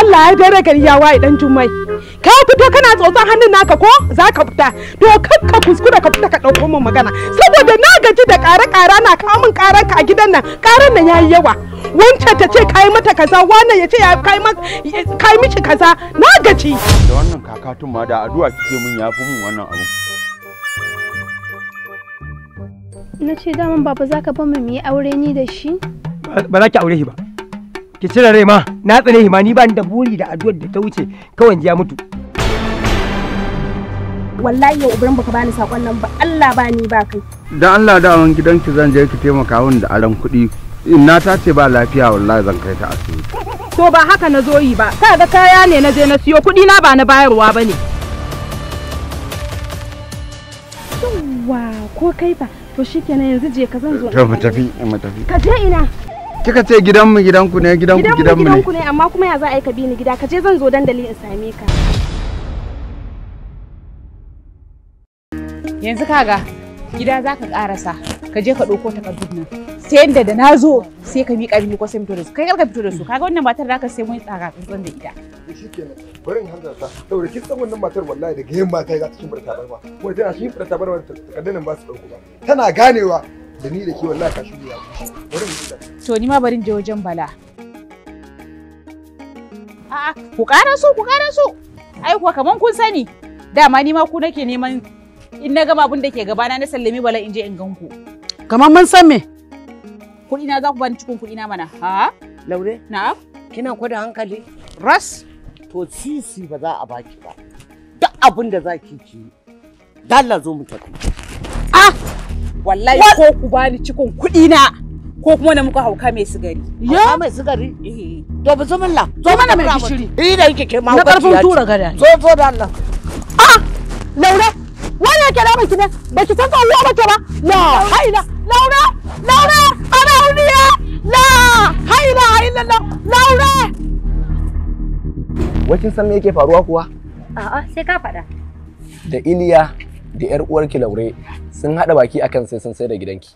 Allah ya dare gari ya waye dan jummai. Ka fito kana tsotson hannun naka ko za ka fita. To kakka kuskura ka fita ka ɗauko min magana. Saboda na gaji da ƙara ƙara na kamun ƙaran ka a gidan nan. Ƙaran nan ya yi yawa. Wancan ta ce ka yi mata kaza, wannan ya ce ka kai miki kaza. Na gaji. Da wannan kakatun ma da addu'a kike mun ya mun wannan abu. na ce daman baba za ka ba mu yi aure ni da shi ba za ki aure shi ba ki cire rai ma na tsane shi ma ni ba ni da buri da addu'ar da ta wuce kawai ya mutu wallahi yau ubran baka bani sakon nan ba Allah ba ni ba kai dan Allah da awan gidanki zan je ki taimaka min da aran kuɗi na ta ce ba lafiya wallahi zan kai ta asibiti to ba haka na zo yi ba kaga kaya ne na je na siyo kuɗi na ba na bayarwa bane yawwa ko kai ba to shi kenan yanzu je ka zan zo to mu tafi mu tafi ka je ina kika ce gidan mu gidan ku ne gidan ku gidan mu ne gidan ku ne amma kuma ya za a yi ka bi ni gida ka je zan zo dandali in same ka yanzu kaga gida za ka karasa ka je ka ɗauko takardun nan sai yadda da na zo sai ka miƙa mini ko sai fito da su kai ka fito da su kaga wannan matar da ka sai mun tsaka tsantsan da ita da shi kenan bari saboda kin san wannan matar wallahi daga ta barba ko tana cikin barta barba takaddanin ba su dauko ba tana ganewa da ni da ke wallahi ka ya kushe to ni ma barin je wajen bala a'a ku ƙara so ku ƙara so ai kuwa kaman kun sani dama ni ma ku nake neman in na gama abin da ke gabana na sallami bala in je in gan ku kaman mun san me kuɗina za ku bani cikin kuɗi mana ha laure na'am kina kwada hankali ras to sisi ba za a baki ba duk abin da zaki ki dalla zo mu tafi ah wallahi ko ku bani cikin kuɗi na ko kuma na muka hauka mai sigari ya mai sigari eh. to bi zo la zo mana mai gishiri eh da yake ke ma na karfin tura gada zo zo da Allah ah laura wannan ke da miki ne ba ki san ka Allah ba ta ba la haila laura laura ana uniya la haila haila laura Wakin san me yake faruwa kuwa? A'a sai ka faɗa. Da Iliya da 'yar uwarki Laure sun haɗa baki akan sai sun sai da gidanki.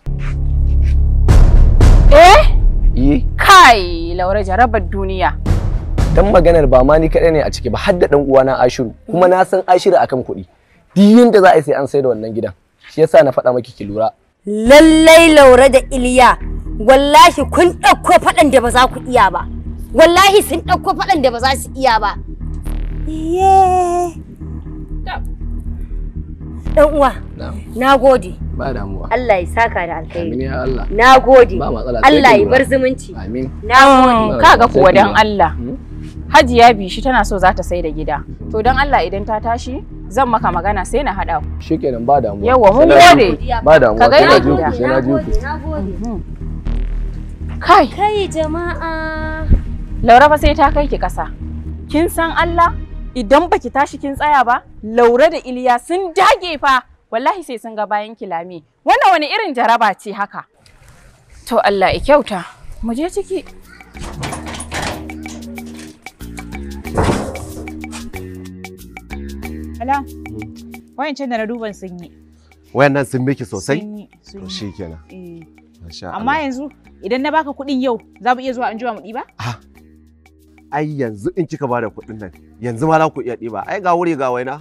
Eh? Yi. Eh. Kai Laure jarabar duniya. Dan maganar ba ma ni kaɗai ne a ciki ba har da ɗan uwana Ashiru kuma na san Ashiru akan kuɗi. Duk yanda za a yi sai an sai da wannan gidan. Shi yasa na faɗa maki ki lura. Lallai Laure da Iliya wallahi kun ɗauko faɗan da ba za ku iya ba. wallahi sun ɗauko faɗan da ba za su iya ba ɗan uwa na gode ba damuwa Allah ya saka da alkhairi amin ya Allah na gode ba matsala Allah ya bar zumunci amin na gode ga kuwa dan Allah hmm? Hajiya Bishi tana so za ta sai da gida to dan Allah idan ta tashi zan maka magana sai na hada ku shikenan ba damuwa yawa mun gode ba damuwa kaga na ji na ji kai kai jama'a Laura fa sai ta kai ki ƙasa. Kin san Allah idan baki tashi kin tsaya ba, Laura da Iliya sun dage fa wallahi sai sun ga bayan kilame. Wannan wani irin jaraba ce haka? To Allah ya kyauta. Mu je ciki. Ala. Wayancan da na duban sun yi. nan sun miki sosai? To shikenan. Eh. Amma yanzu idan na baka kuɗin yau za mu iya zuwa an jiwa mu ɗiba? Ah, ai yanzu in kika bada kuɗin nan yanzu ma za ku iya ɗiba ai ga wuri ga waina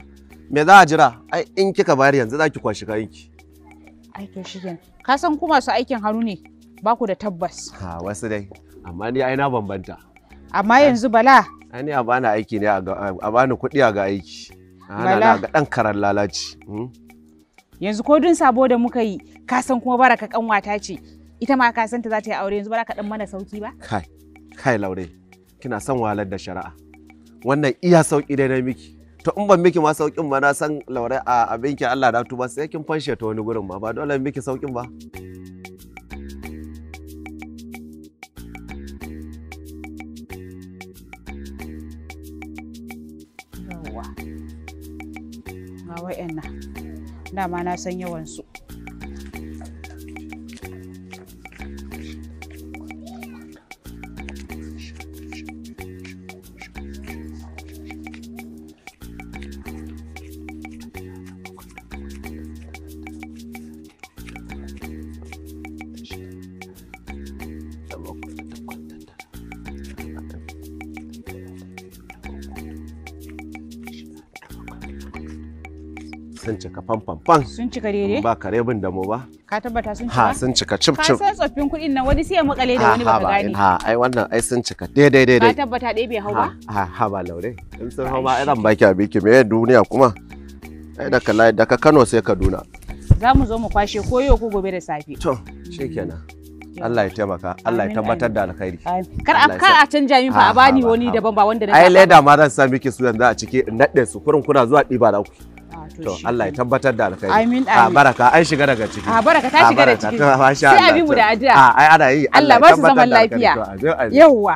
me za a jira ai in kika bayar yanzu za ki kwashi kayanki aikin shi kenan ka san ku masu aikin hannu ne ba ku da tabbas ha wasu dai amma ni ai na bambanta amma yanzu bala ai ni a bani aiki ne a bani kuɗi a ga aiki bala ga dan karar lalaci hmm? yanzu ko dun sabo da muka yi ka san kuma baraka kanwata ce ita ma ka san ta za ta yi aure yanzu ba za ka dan mana sauki ba kai kai laure kina son wahalar da shari'a wannan iya sauki dai na miki to in ban miki ma saukin ba na san laurai a abinki Allah da tuba sai kin fanshe ta wani gurin ma ba dole miki saukin ba dama na san yawan su sun cika fanfanfan. Sun cika daidai? Ba kare bin da mu ba. Ka tabbata sun cika? Ha sun cika cip cip. Ka san tsoffin kuɗin nan wani sai ya makale da wani baka gane. Ha ai wannan ai sun cika daidai daidai. Ka tabbata ɗaya bai hau ba? Ha ha ba laure. In sun hau ba irin baki a biki me duniya kuma. Ai da kala da ka Kano sai Kaduna. Za mu zo mu kwashe koyo ko gobe da safe. To shikenan. Mm. Allah ya taimaka Allah ya tabbatar da alkhairi kar kar a canja min fa a bani wani daban ba wanda na ai leda ma zan sa miki su yanzu a ciki in nade su kurun kuna zuwa diba da ku to Allah ya tabbatar da alkhairi amin ah, amin baraka shiga daga ciki a ah, baraka ta ah, shiga daga ciki sai abi mu da addu'a a ai ana yi Allah ba su yawa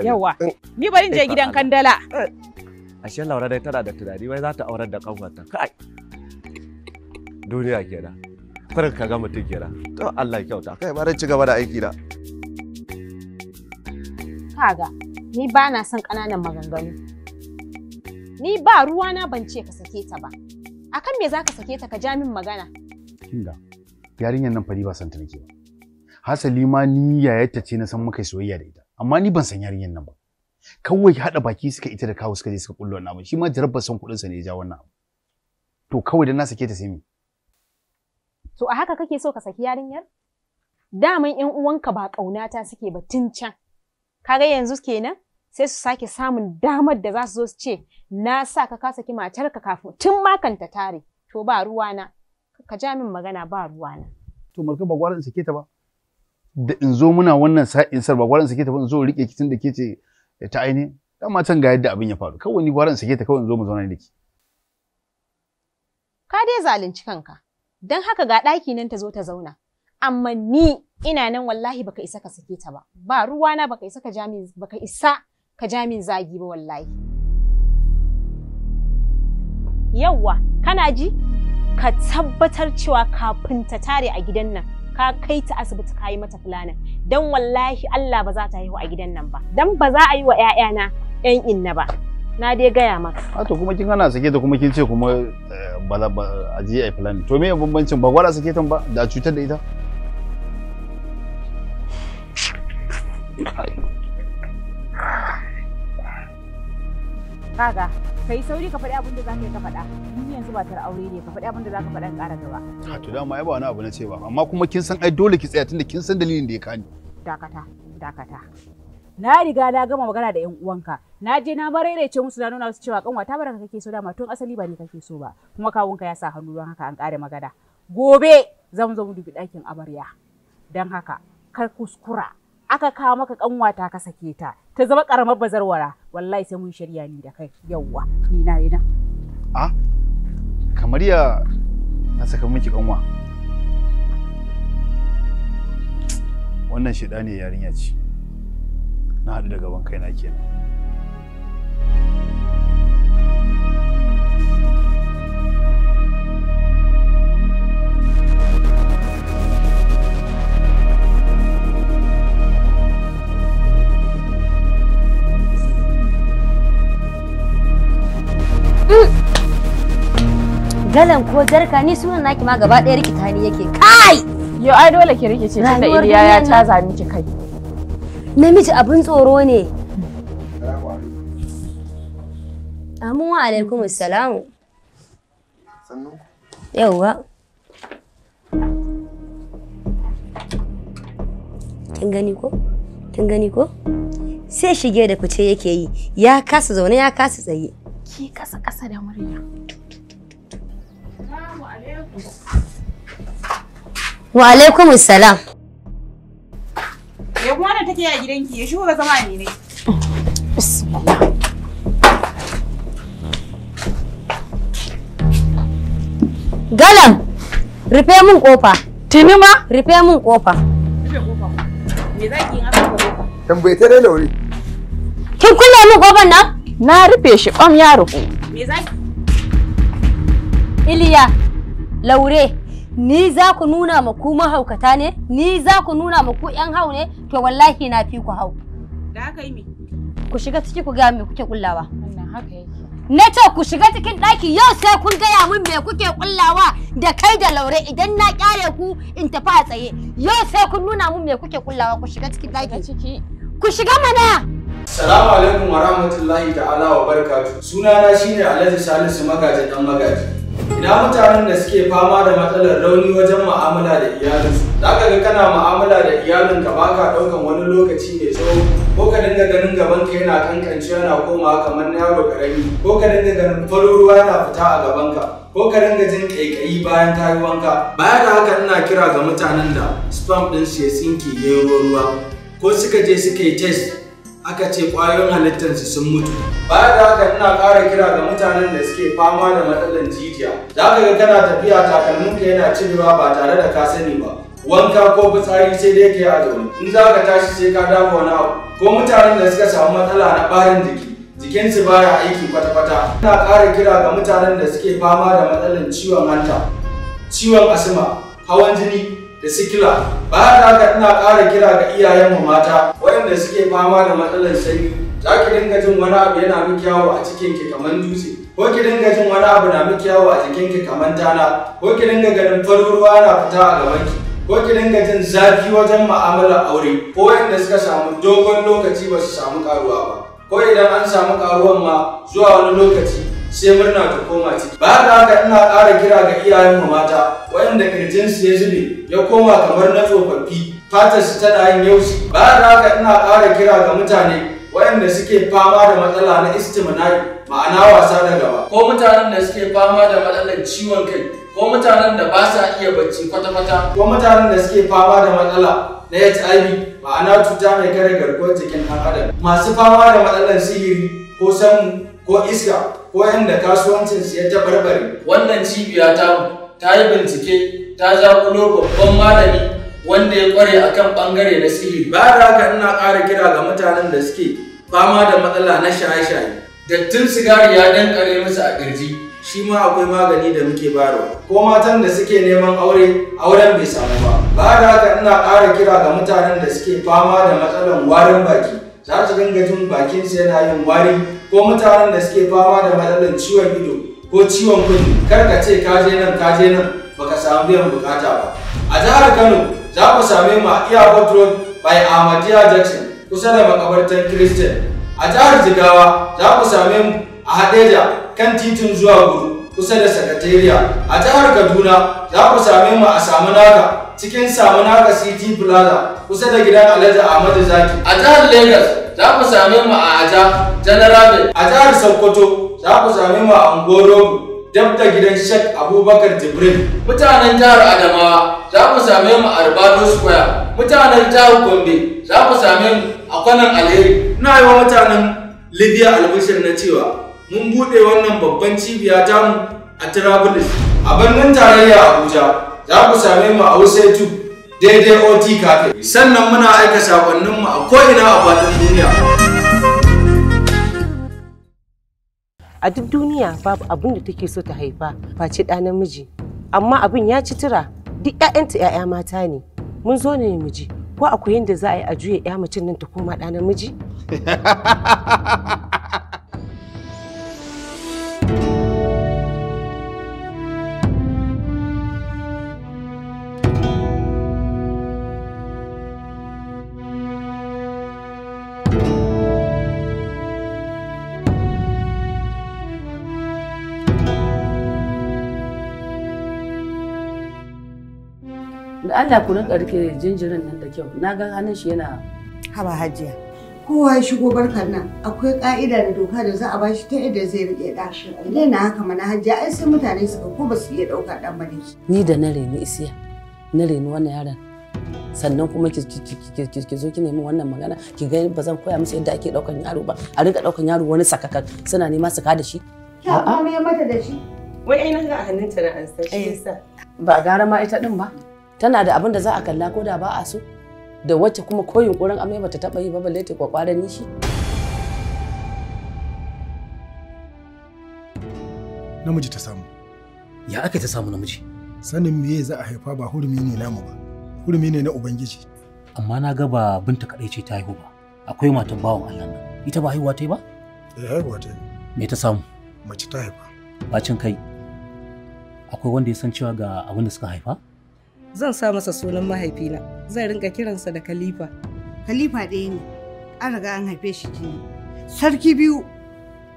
yawa ni je eh, gidan kandala eh, ashe Laura dai tana da tunani wai za ta aurar da kanwarta kai duniya kenan farin ka ga mutum to Allah ya kyauta kai ci gaba da aiki da kaga ni ba na son ƙananan maganganu ni ba ruwana ban ce ka sake ta ba akan me zaka sake ta ka ja min magana kinga yarinyar nan fari ba san ta nake ba hasali ma ni yayarta ce na san muka soyayya da ita amma ni ban san yarinyar nan ba kawai hada baki suka ita da kawo suka je suka kullo wannan abu shi ma jarabba san kudin sa ne ya ja wannan abu to kawai da na sake ta sai me to a haka kake so ka saki yarinyar daman yan uwanka ba kaunata suke ba tun can kaga yanzu kenan sai su sake samun damar da za su zo su ce na sa ka kasa ki matarka kafin tun ta tare to ba ruwana ka ja min magana ba ruwana to mulkin ba gwaran sake ta ba da in zo muna wannan sa'in sar ba gwaran sake ta ba in zo rike ki da ke ce eh, ta aini dan matan ga yadda abin ya faru kawai ni gwaran sake ta kawai in zo mu zauna da ki ka dai zalunci kanka dan haka ga daki nan ta zo ta zauna amma ni ina nan wallahi baka isa ka sake ta ba ba ruwana baka isa ka ja min baka isa ka ja min zagi ba wallahi yawwa kana ji ka tabbatar cewa kafin ta tare a gidan nan ka kai ta asibiti ka yi mata filanin don wallahi Allah ba za ta haihu a gidan nan ba don ba za a yi wa 'ya'yana 'yan inna ba na dai gaya maka. A to kuma kin gana sake ta kuma kin ce kuma eh, ba za a je ai plan. To me bambancin ba gwada sake ta ba da cutar da ita? kaga kai sauri ka faɗi abin da za ka yi ka faɗa ni yanzu ba tar aure ne ka faɗi abin da za ka faɗa ƙara gaba ha to dama ai ba wani abu na ce ba amma kuma kin san ai dole ki tsaya tunda kin san dalilin da ya kani dakata dakata na riga na gama magana da yan uwanka na je na marairace musu na nuna su cewa kanwa ta baraka kake so dama tun asali ba ni kake so ba kuma kawunka ya sa hannu don haka an ƙara magana gobe zan zo mu dubi ɗakin amarya don haka kar kuskura aka kawo maka kanwata ka sake ta ta zama karamar bazarwara wallahi sai mun shirya ni da kai yawwa ni na yi a ah, kamar ya na saka miki kanwa wannan shida ne yarinya ce na haɗu da gaban na kenan galan ko jarka ni sunan naki ma gaba ɗaya rikita ni yake kai yo ai dole ki rikice tunda iriya ya caza miki kai namiji abin tsoro ne Amin wa alaikum assalamu. Yauwa. Kin gani ko? Kin gani ko? Sai shige da fice yake yi, ya kasa zaune ya kasa tsaye. ki kasa kasa da murya wa alaikum salam ya kuma da take a gidanki ya shigo ga zama ne ne galam rufe min kofa tuni ma rufe min kofa me zaki in aka kofa tambaye ta dai lauri. kin kulle min kofar nan Na rufe shi ƙwam ya rufu. Me zai? Iliya, Laure, ni za ku nuna ma ku mahaukata ne? Ni za ku nuna ma ku yan hau ne? To wallahi na fi ku hau. Da haka yi Ku shiga ciki ku gaya me kuke kullawa. Wannan haka yake. Na ce ku shiga cikin ɗaki yau sai kun gaya min me kuke kullawa da kai da laure idan na kyare ku in tafi a tsaye. Yau sai kun nuna min me kuke kullawa ku shiga cikin ɗaki. Ku shiga mana. Salamu alaikum wa rahmatullahi ta'ala wa barakatu. Sunana shine Alhaji Salisu Magaji dan Magaji. Ina mutanen da suke fama da matsalar rauni wajen mu'amala da iyalinsu. Za ka ga kana mu'amala da iyalinka ba ka ɗaukan wani lokaci mai tsawo ko ka dinga ganin gaban ka yana kankance yana komawa kamar na yaro karami ko ka dinga ganin faruruwa yana fita a gabanka. ko ka dinga jin kaikayi bayan ta yi wanka baya da haka ina kira ga mutanen da spam ɗin su ya tsinke gero ruwa ko suka je suka yi test aka ce ƙwayoyin halittarsu sun mutu. Bayan da haka ina ƙara kira ga mutanen da suke fama da matsalar jijiya. Za ka ga kana tafiya takalminka yana cirewa ba tare da ka sani ba. Wanka ko fitsari sai dai ka yi a In za ka tashi sai ka dafa wani abu. Ko mutanen da suka samu matsala na ɓarin jiki. Jikinsu baya aiki kwata-kwata. Ina ƙara kira ga mutanen da suke fama da matsalar ciwon hanta, ciwon asima, hawan jini, da sikila. Bayan da haka ina ƙara kira ga iyayenmu mata waɗanda suke fama da matsalar sanyi za ki dinga jin wani abu yana miki yawo a cikin ki kamar dutse ko ki dinga jin wani abu na miki yawo a jikin ki kamar tana ko ki dinga ganin farin ruwa na fita a gaban ki ko ki dinga jin zafi wajen mu'amalar aure ko waɗanda suka samu dogon lokaci ba su samu karuwa ba ko idan an samu karuwan ma zuwa wani lokaci sai murna ta koma ciki ba da haka ina ƙara kira ga iyayen mu mata waɗanda kirjinsu ya zube ya koma kamar na tsofaffi fatar su tana yin yaushi bayan haka ina ƙara kira ga mutane waɗanda suke fama da matsala na istimnai ma'ana wasa da gaba ko mutanen da suke fama da matsalar ciwon kai ko mutanen da ba sa iya bacci kwata-kwata ko mutanen da suke fama da matsala na HIV ma'ana cuta mai kare garkuwar jikin ɗan adam masu fama da matsalar sihiri ko samu ko iska ko yanda kasuwancin su ya tabarbare wannan cibiya ta ta yi bincike ta zaƙulo babban malami wanda ya kware a kan bangare na sihiri ba da haka ina ƙara kira ga mutanen da suke fama da matsala na shaye-shaye dattin sigari ya dankare musu a kirji shi ma akwai magani da muke bayarwa ko matan da suke neman aure auren bai samu ba ba da haka ina ƙara kira ga mutanen da suke fama da matsalan warin baki za su dinga jin bakin su yana yin wari ko mutanen da suke fama da matsalan ciwon ido ko ciwon kudi kar ka ce ka je nan ka je nan baka samu biyan bukata ba a jihar Kano za ku same mu a iya Road by Ahmadiyya Jackson kusa da makabartar Christian. A jihar Jigawa za ku same mu a Hadeja kan titin zuwa Guru kusa da Sakatariya. A jihar Kaduna za ku same mu a Samunaka cikin Samunaka City Plaza kusa da gidan Alhaji Ahmadu Zaki. A jihar Lagos za ku same mu a Aja General A jihar Sokoto za ku same mu a Angorogu Dabda gidan Sheikh Abubakar Jibril. Mutanen jihar Adamawa za ku same mu a Ribado Square. Mutanen jihar Gombe za ku same mu a kwanan Alheri. Ina yi wa mutanen Libya albishir na cewa mun buɗe wannan babban cibiya mu a Tirabulis. A birnin tarayya Abuja za ku same mu a Hausa Tube daidai OT Cafe. Sannan muna aika sakonninmu a ko'ina a faɗin duniya. a duk duniya babu abin da take so ta haifa face ɗa namiji amma abin ya ci tura duk ƴaƴanta ƴaƴa mata ne mun zo ne miji ko akwai yadda za a yi a juya ƴa mutum nan ta koma ɗa namiji Allah ku rinka rike jinjirin nan da kyau. Na ga hannun shi yana haba hajiya. Kowa ya shigo barkar nan akwai ka'ida da doka da za a bashi ta yadda zai rike dashin. Idan na haka mana hajiya ai sai mutane suka ko ba su iya dauka dan bane. Ni da na reni isiya. Na reni wannan yaran sannan kuma ki zo ki nemi wannan magana ki ga ba zan koya musu yadda ake daukan yaro ba a rinka daukan yaro wani sakakan suna nema su ka da shi a'a mata da shi wai ai a ga hannunta na an san shi eh. yasa ba gara ma ita din ba tana da abin da za a kalla ko da ba a so da wacce kuma ko yunkurin amai bata taba yi ba balle ta kwakwaran nishi namiji ta samu ya aka ta samu namiji sanin meye za a haifa ba hurumi ne namu ba hurumi ne na ubangiji amma na ga ba binta kadai ce ta haihu ba akwai matan bawan Allah nan ita ba haihuwa ta yi ba eh haihuwa ta yi. me ta samu mace ta haifa bacin kai akwai wanda ya san cewa ga abin da suka haifa zan sa masa sunan mahaifina zan rinka kiransa da khalifa khalifa ɗaya ne an riga an haife shi jini sarki biyu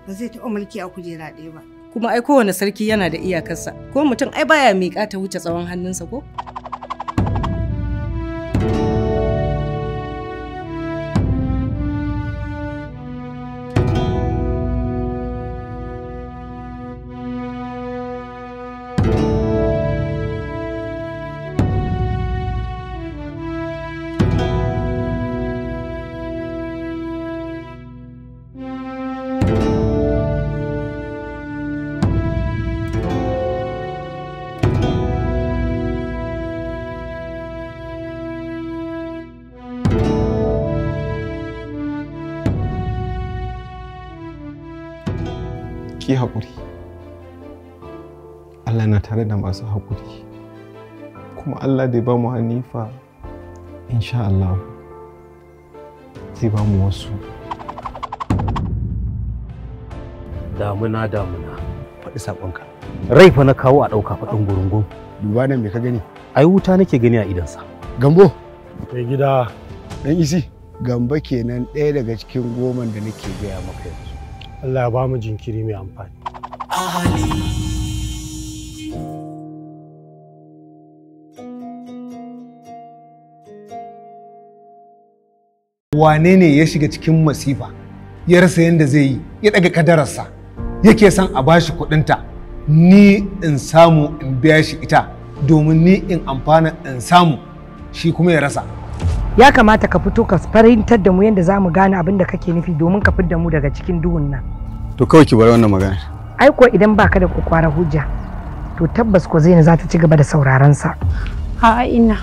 ba zai taɓa mulki a kujera ɗaya ba kuma ai kowane sarki yana da iyakarsa ko mutum ai baya miƙa ta wuce tsawon hannunsa ko ki haƙuri Allah na tare da masu haƙuri kuma Allah da ba mu hanifa insha Allah zai ba mu wasu damuna damuna faɗi saƙonka rai fa na kawo a ɗauka faɗin gurungun duba nan me ka gani ai wuta nake gani a idansa gambo kai gida dan isi gamba kenan ɗaya daga cikin goman da nake gaya maka yanzu Allah ya ba mu jinkiri mai amfani. Ahali. wane ne ya shiga cikin masifa ya rasa yadda zai yi ya daga kadararsa yake son a bashi kudinta ni in samu in biya shi ita domin ni in amfana in samu shi kuma ya rasa ya kamata ka fito ka farintar da mu yadda za mu gane abin da kake nufi domin ka fidda mu daga cikin duhun nan to kawai ki bar wannan magana ai ko idan baka da kokwara hujja to tabbas ko zaina za ta ci gaba da sauraron sa a'a ina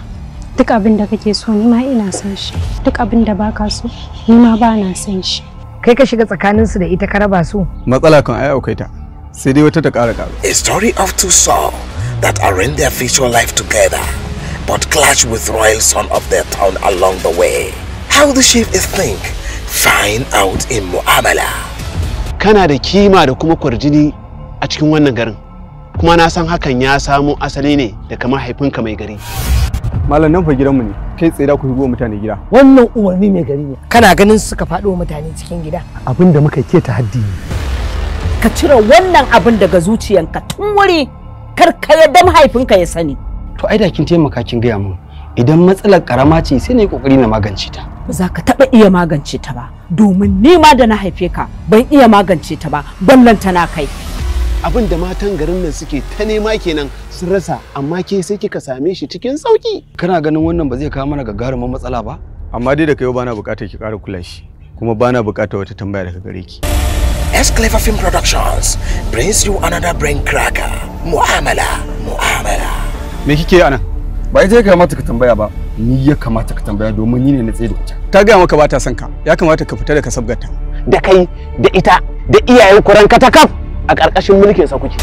duk abin da kake so ni ma ina son shi duk abin da baka so ni ma ba na son shi kai ka shiga tsakanin su da ita ka raba su matsala kan ai aukai ta sai dai wata ta ƙara ƙara a story of two souls that are in their future life together but clash with royal son of their town along the way. How the chief is think, find out in Mu'amala. Kana da kima da kuma kwarjini a cikin wannan garin, kuma na san hakan ya samo asali ne daga mahaifinka mai gari. Malam nan fa gidanmu ne, kai tsaye da ku shigo mutane gida. Wannan umarni mai gari ne, kana ganin suka faɗo mutane cikin gida. Abin da muka ke ta haddi Ka cire wannan abin daga zuciyanka tun wuri, kar ka yadda mahaifinka ya sani. to ai da kin taimaka kin gaya mun idan matsalar karama ce sai na yi kokari na magance ta ba za ka taba iya magance ta ba domin ni ma da na haife ka ban iya magance ta ba ballanta na kai abin da matan garin nan suke ta nema kenan sun rasa amma ke sai kika same shi cikin sauki kana ganin wannan ba zai kawo mana gagarumin matsala ba amma dai da kai bana bukatar ki ƙara kula shi kuma bana bukatar wata tambaya daga gare ki Clever Film Productions brings you another brain cracker. Mu'amala, mu'amala. me kike a nan ba ita ya kamata ka tambaya ba ni ya kamata ka tambaya domin ni ne na tsaye da ita ta gaya maka ba ta son ka ya kamata ka fita daga sabgarta da kai da ita da iyayen kuran ka ta kaf a ƙarƙashin mulkin sa kuke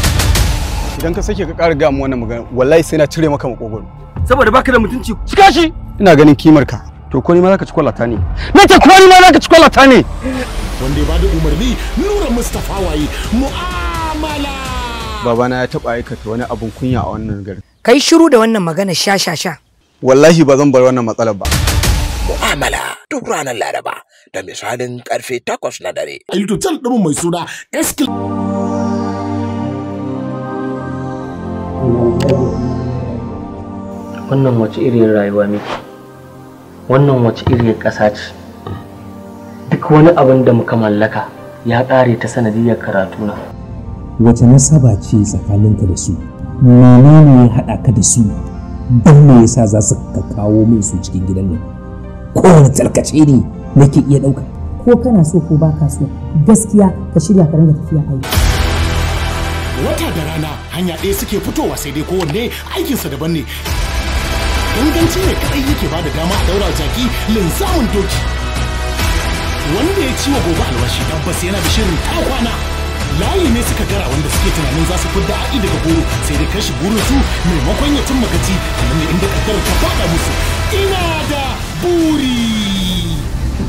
idan ka sake ka ƙara gaya mu wannan magana wallahi sai na cire maka makogoro saboda baka da mutunci cika shi ina ganin kimar ka to ko ni ma zaka ci kwalata ne nace ko ni ma zaka ci kwalata ne wanda ya bada umarni nura mustafa waye mu'amala babana ya taba aikata wani abun kunya a wannan garin kai shiru da wannan magana sha sha sha wallahi ba zan bar wannan matsalar ba mu'amala duk ranar laraba da misalin karfe takwas na dare a youtube channel mai suna eskil wannan wace irin rayuwa miki wannan wace irin ƙasa ce duk wani abin da muka mallaka ya ƙare ta sanadiyar karatuna wace nasaba ce tsakaninka da su menene ya haɗa ka da su don me yasa za su ka kawo min su cikin gidan nan kowane tarkace ne nake iya ɗauka ko kana so ko ba ka so gaskiya ka shirya ka ranga tafiya aiki wata da rana hanya ɗaya suke fitowa sai dai kowanne aikinsa daban ne inganci ne kaɗai yake ba da dama a daura jaki linzamin doki wanda ya ciwo gobe alwashi tabbas yana da shirin ta kwana layi ne suka gara wanda suke tunanin za su fudda aɗi daga buru sai dai kashi burin su maimakon ya cimma magaci kamar ne inda kaddarar ta faɗa musu ina da buri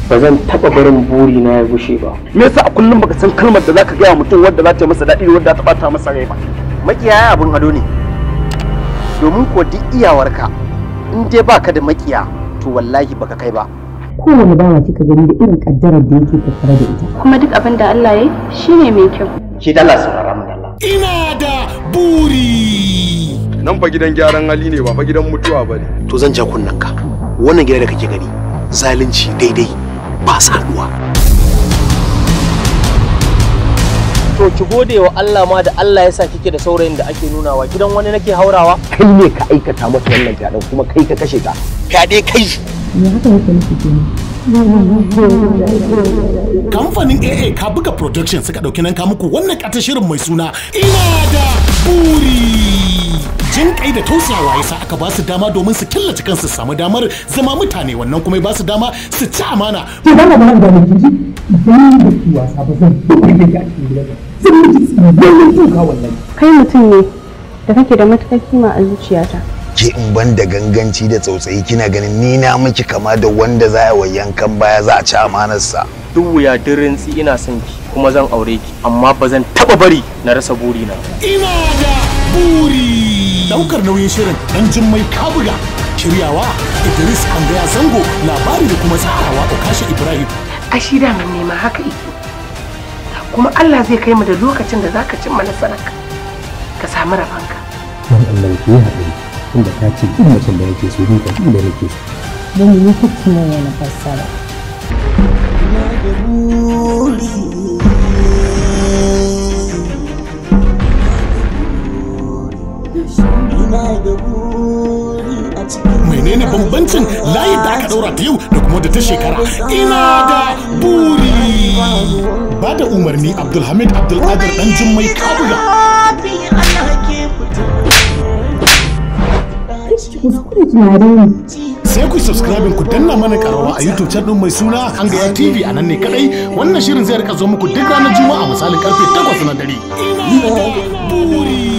ba zan taɓa barin buri na ya gushe ba me yasa a kullum baka san kalmar da zaka gaya mutum wanda za ta masa daɗi da wadda ta ɓata masa rai ba makiyaya abin ado ne domin ko duk iyawarka in dai baka da makiya to wallahi baka kai ba kowane bawa kika gani da irin kaddarar da yake tattare da ita kuma duk abin da Allah ya yi shine mai kyau shi da Allah saurara mu Allah ina da buri nan fa gidan gyaran hali ne ba fa gidan mutuwa bane to zan ja kunnen ka wannan gida da kake gani zalunci daidai ba saduwa to ki gode wa Allah ma da Allah ya sa kike da saurayin da ake nunawa gidan wani nake haurawa kai ne ka aikata mata wannan fyaɗen kuma kai ka kashe ta ka dai kai kamfanin AA ka production suka dauki nan ka muku wannan kata shirin mai suna ina da buri jin kai da tausayawa yasa aka ba su dama domin su killace kansu su samu damar zama mutane wannan kuma ba su dama su ci amana to ba da idan da ki wasa ba zan buɗe da ki a cikin gidan zan yi ji tsananin tuka wallahi kai mutum ne da kake da matukar kima a zuciyata ke in ban da ganganci da tsautsayi kina ganin ni na miki kama da wanda za a yankan baya za a ci amanarsa duk wuya duk rintsi ina son ki kuma zan aure ki amma ba zan taba bari na rasa burina ina da buri daukar nauyin shirin dan jummai kabuga shiryawa idris andaya zango labari da kuma tsarawa okasha ibrahim a shi daman nema haka ike kuma Allah zai kai mu da lokacin da zaka cimma nasararka ka samu rabanka dan Allah ki yi haɗari inda ta ce duk mutum da yake so duka duk da yake so don yi kuma ne na fassara Ina da buri menene bambancin layi da aka daura ta yau da kuma da ta shekara ina da buri ba da umarni abdulhamid abdulkadir dan jummai kabula sai ku subscribe ku danna mana karawa a youtube channel mai suna hangaya tv a nan ne kadai wannan shirin zai rika zo muku duk ranar juma'a misalin karfe 8 na dare buri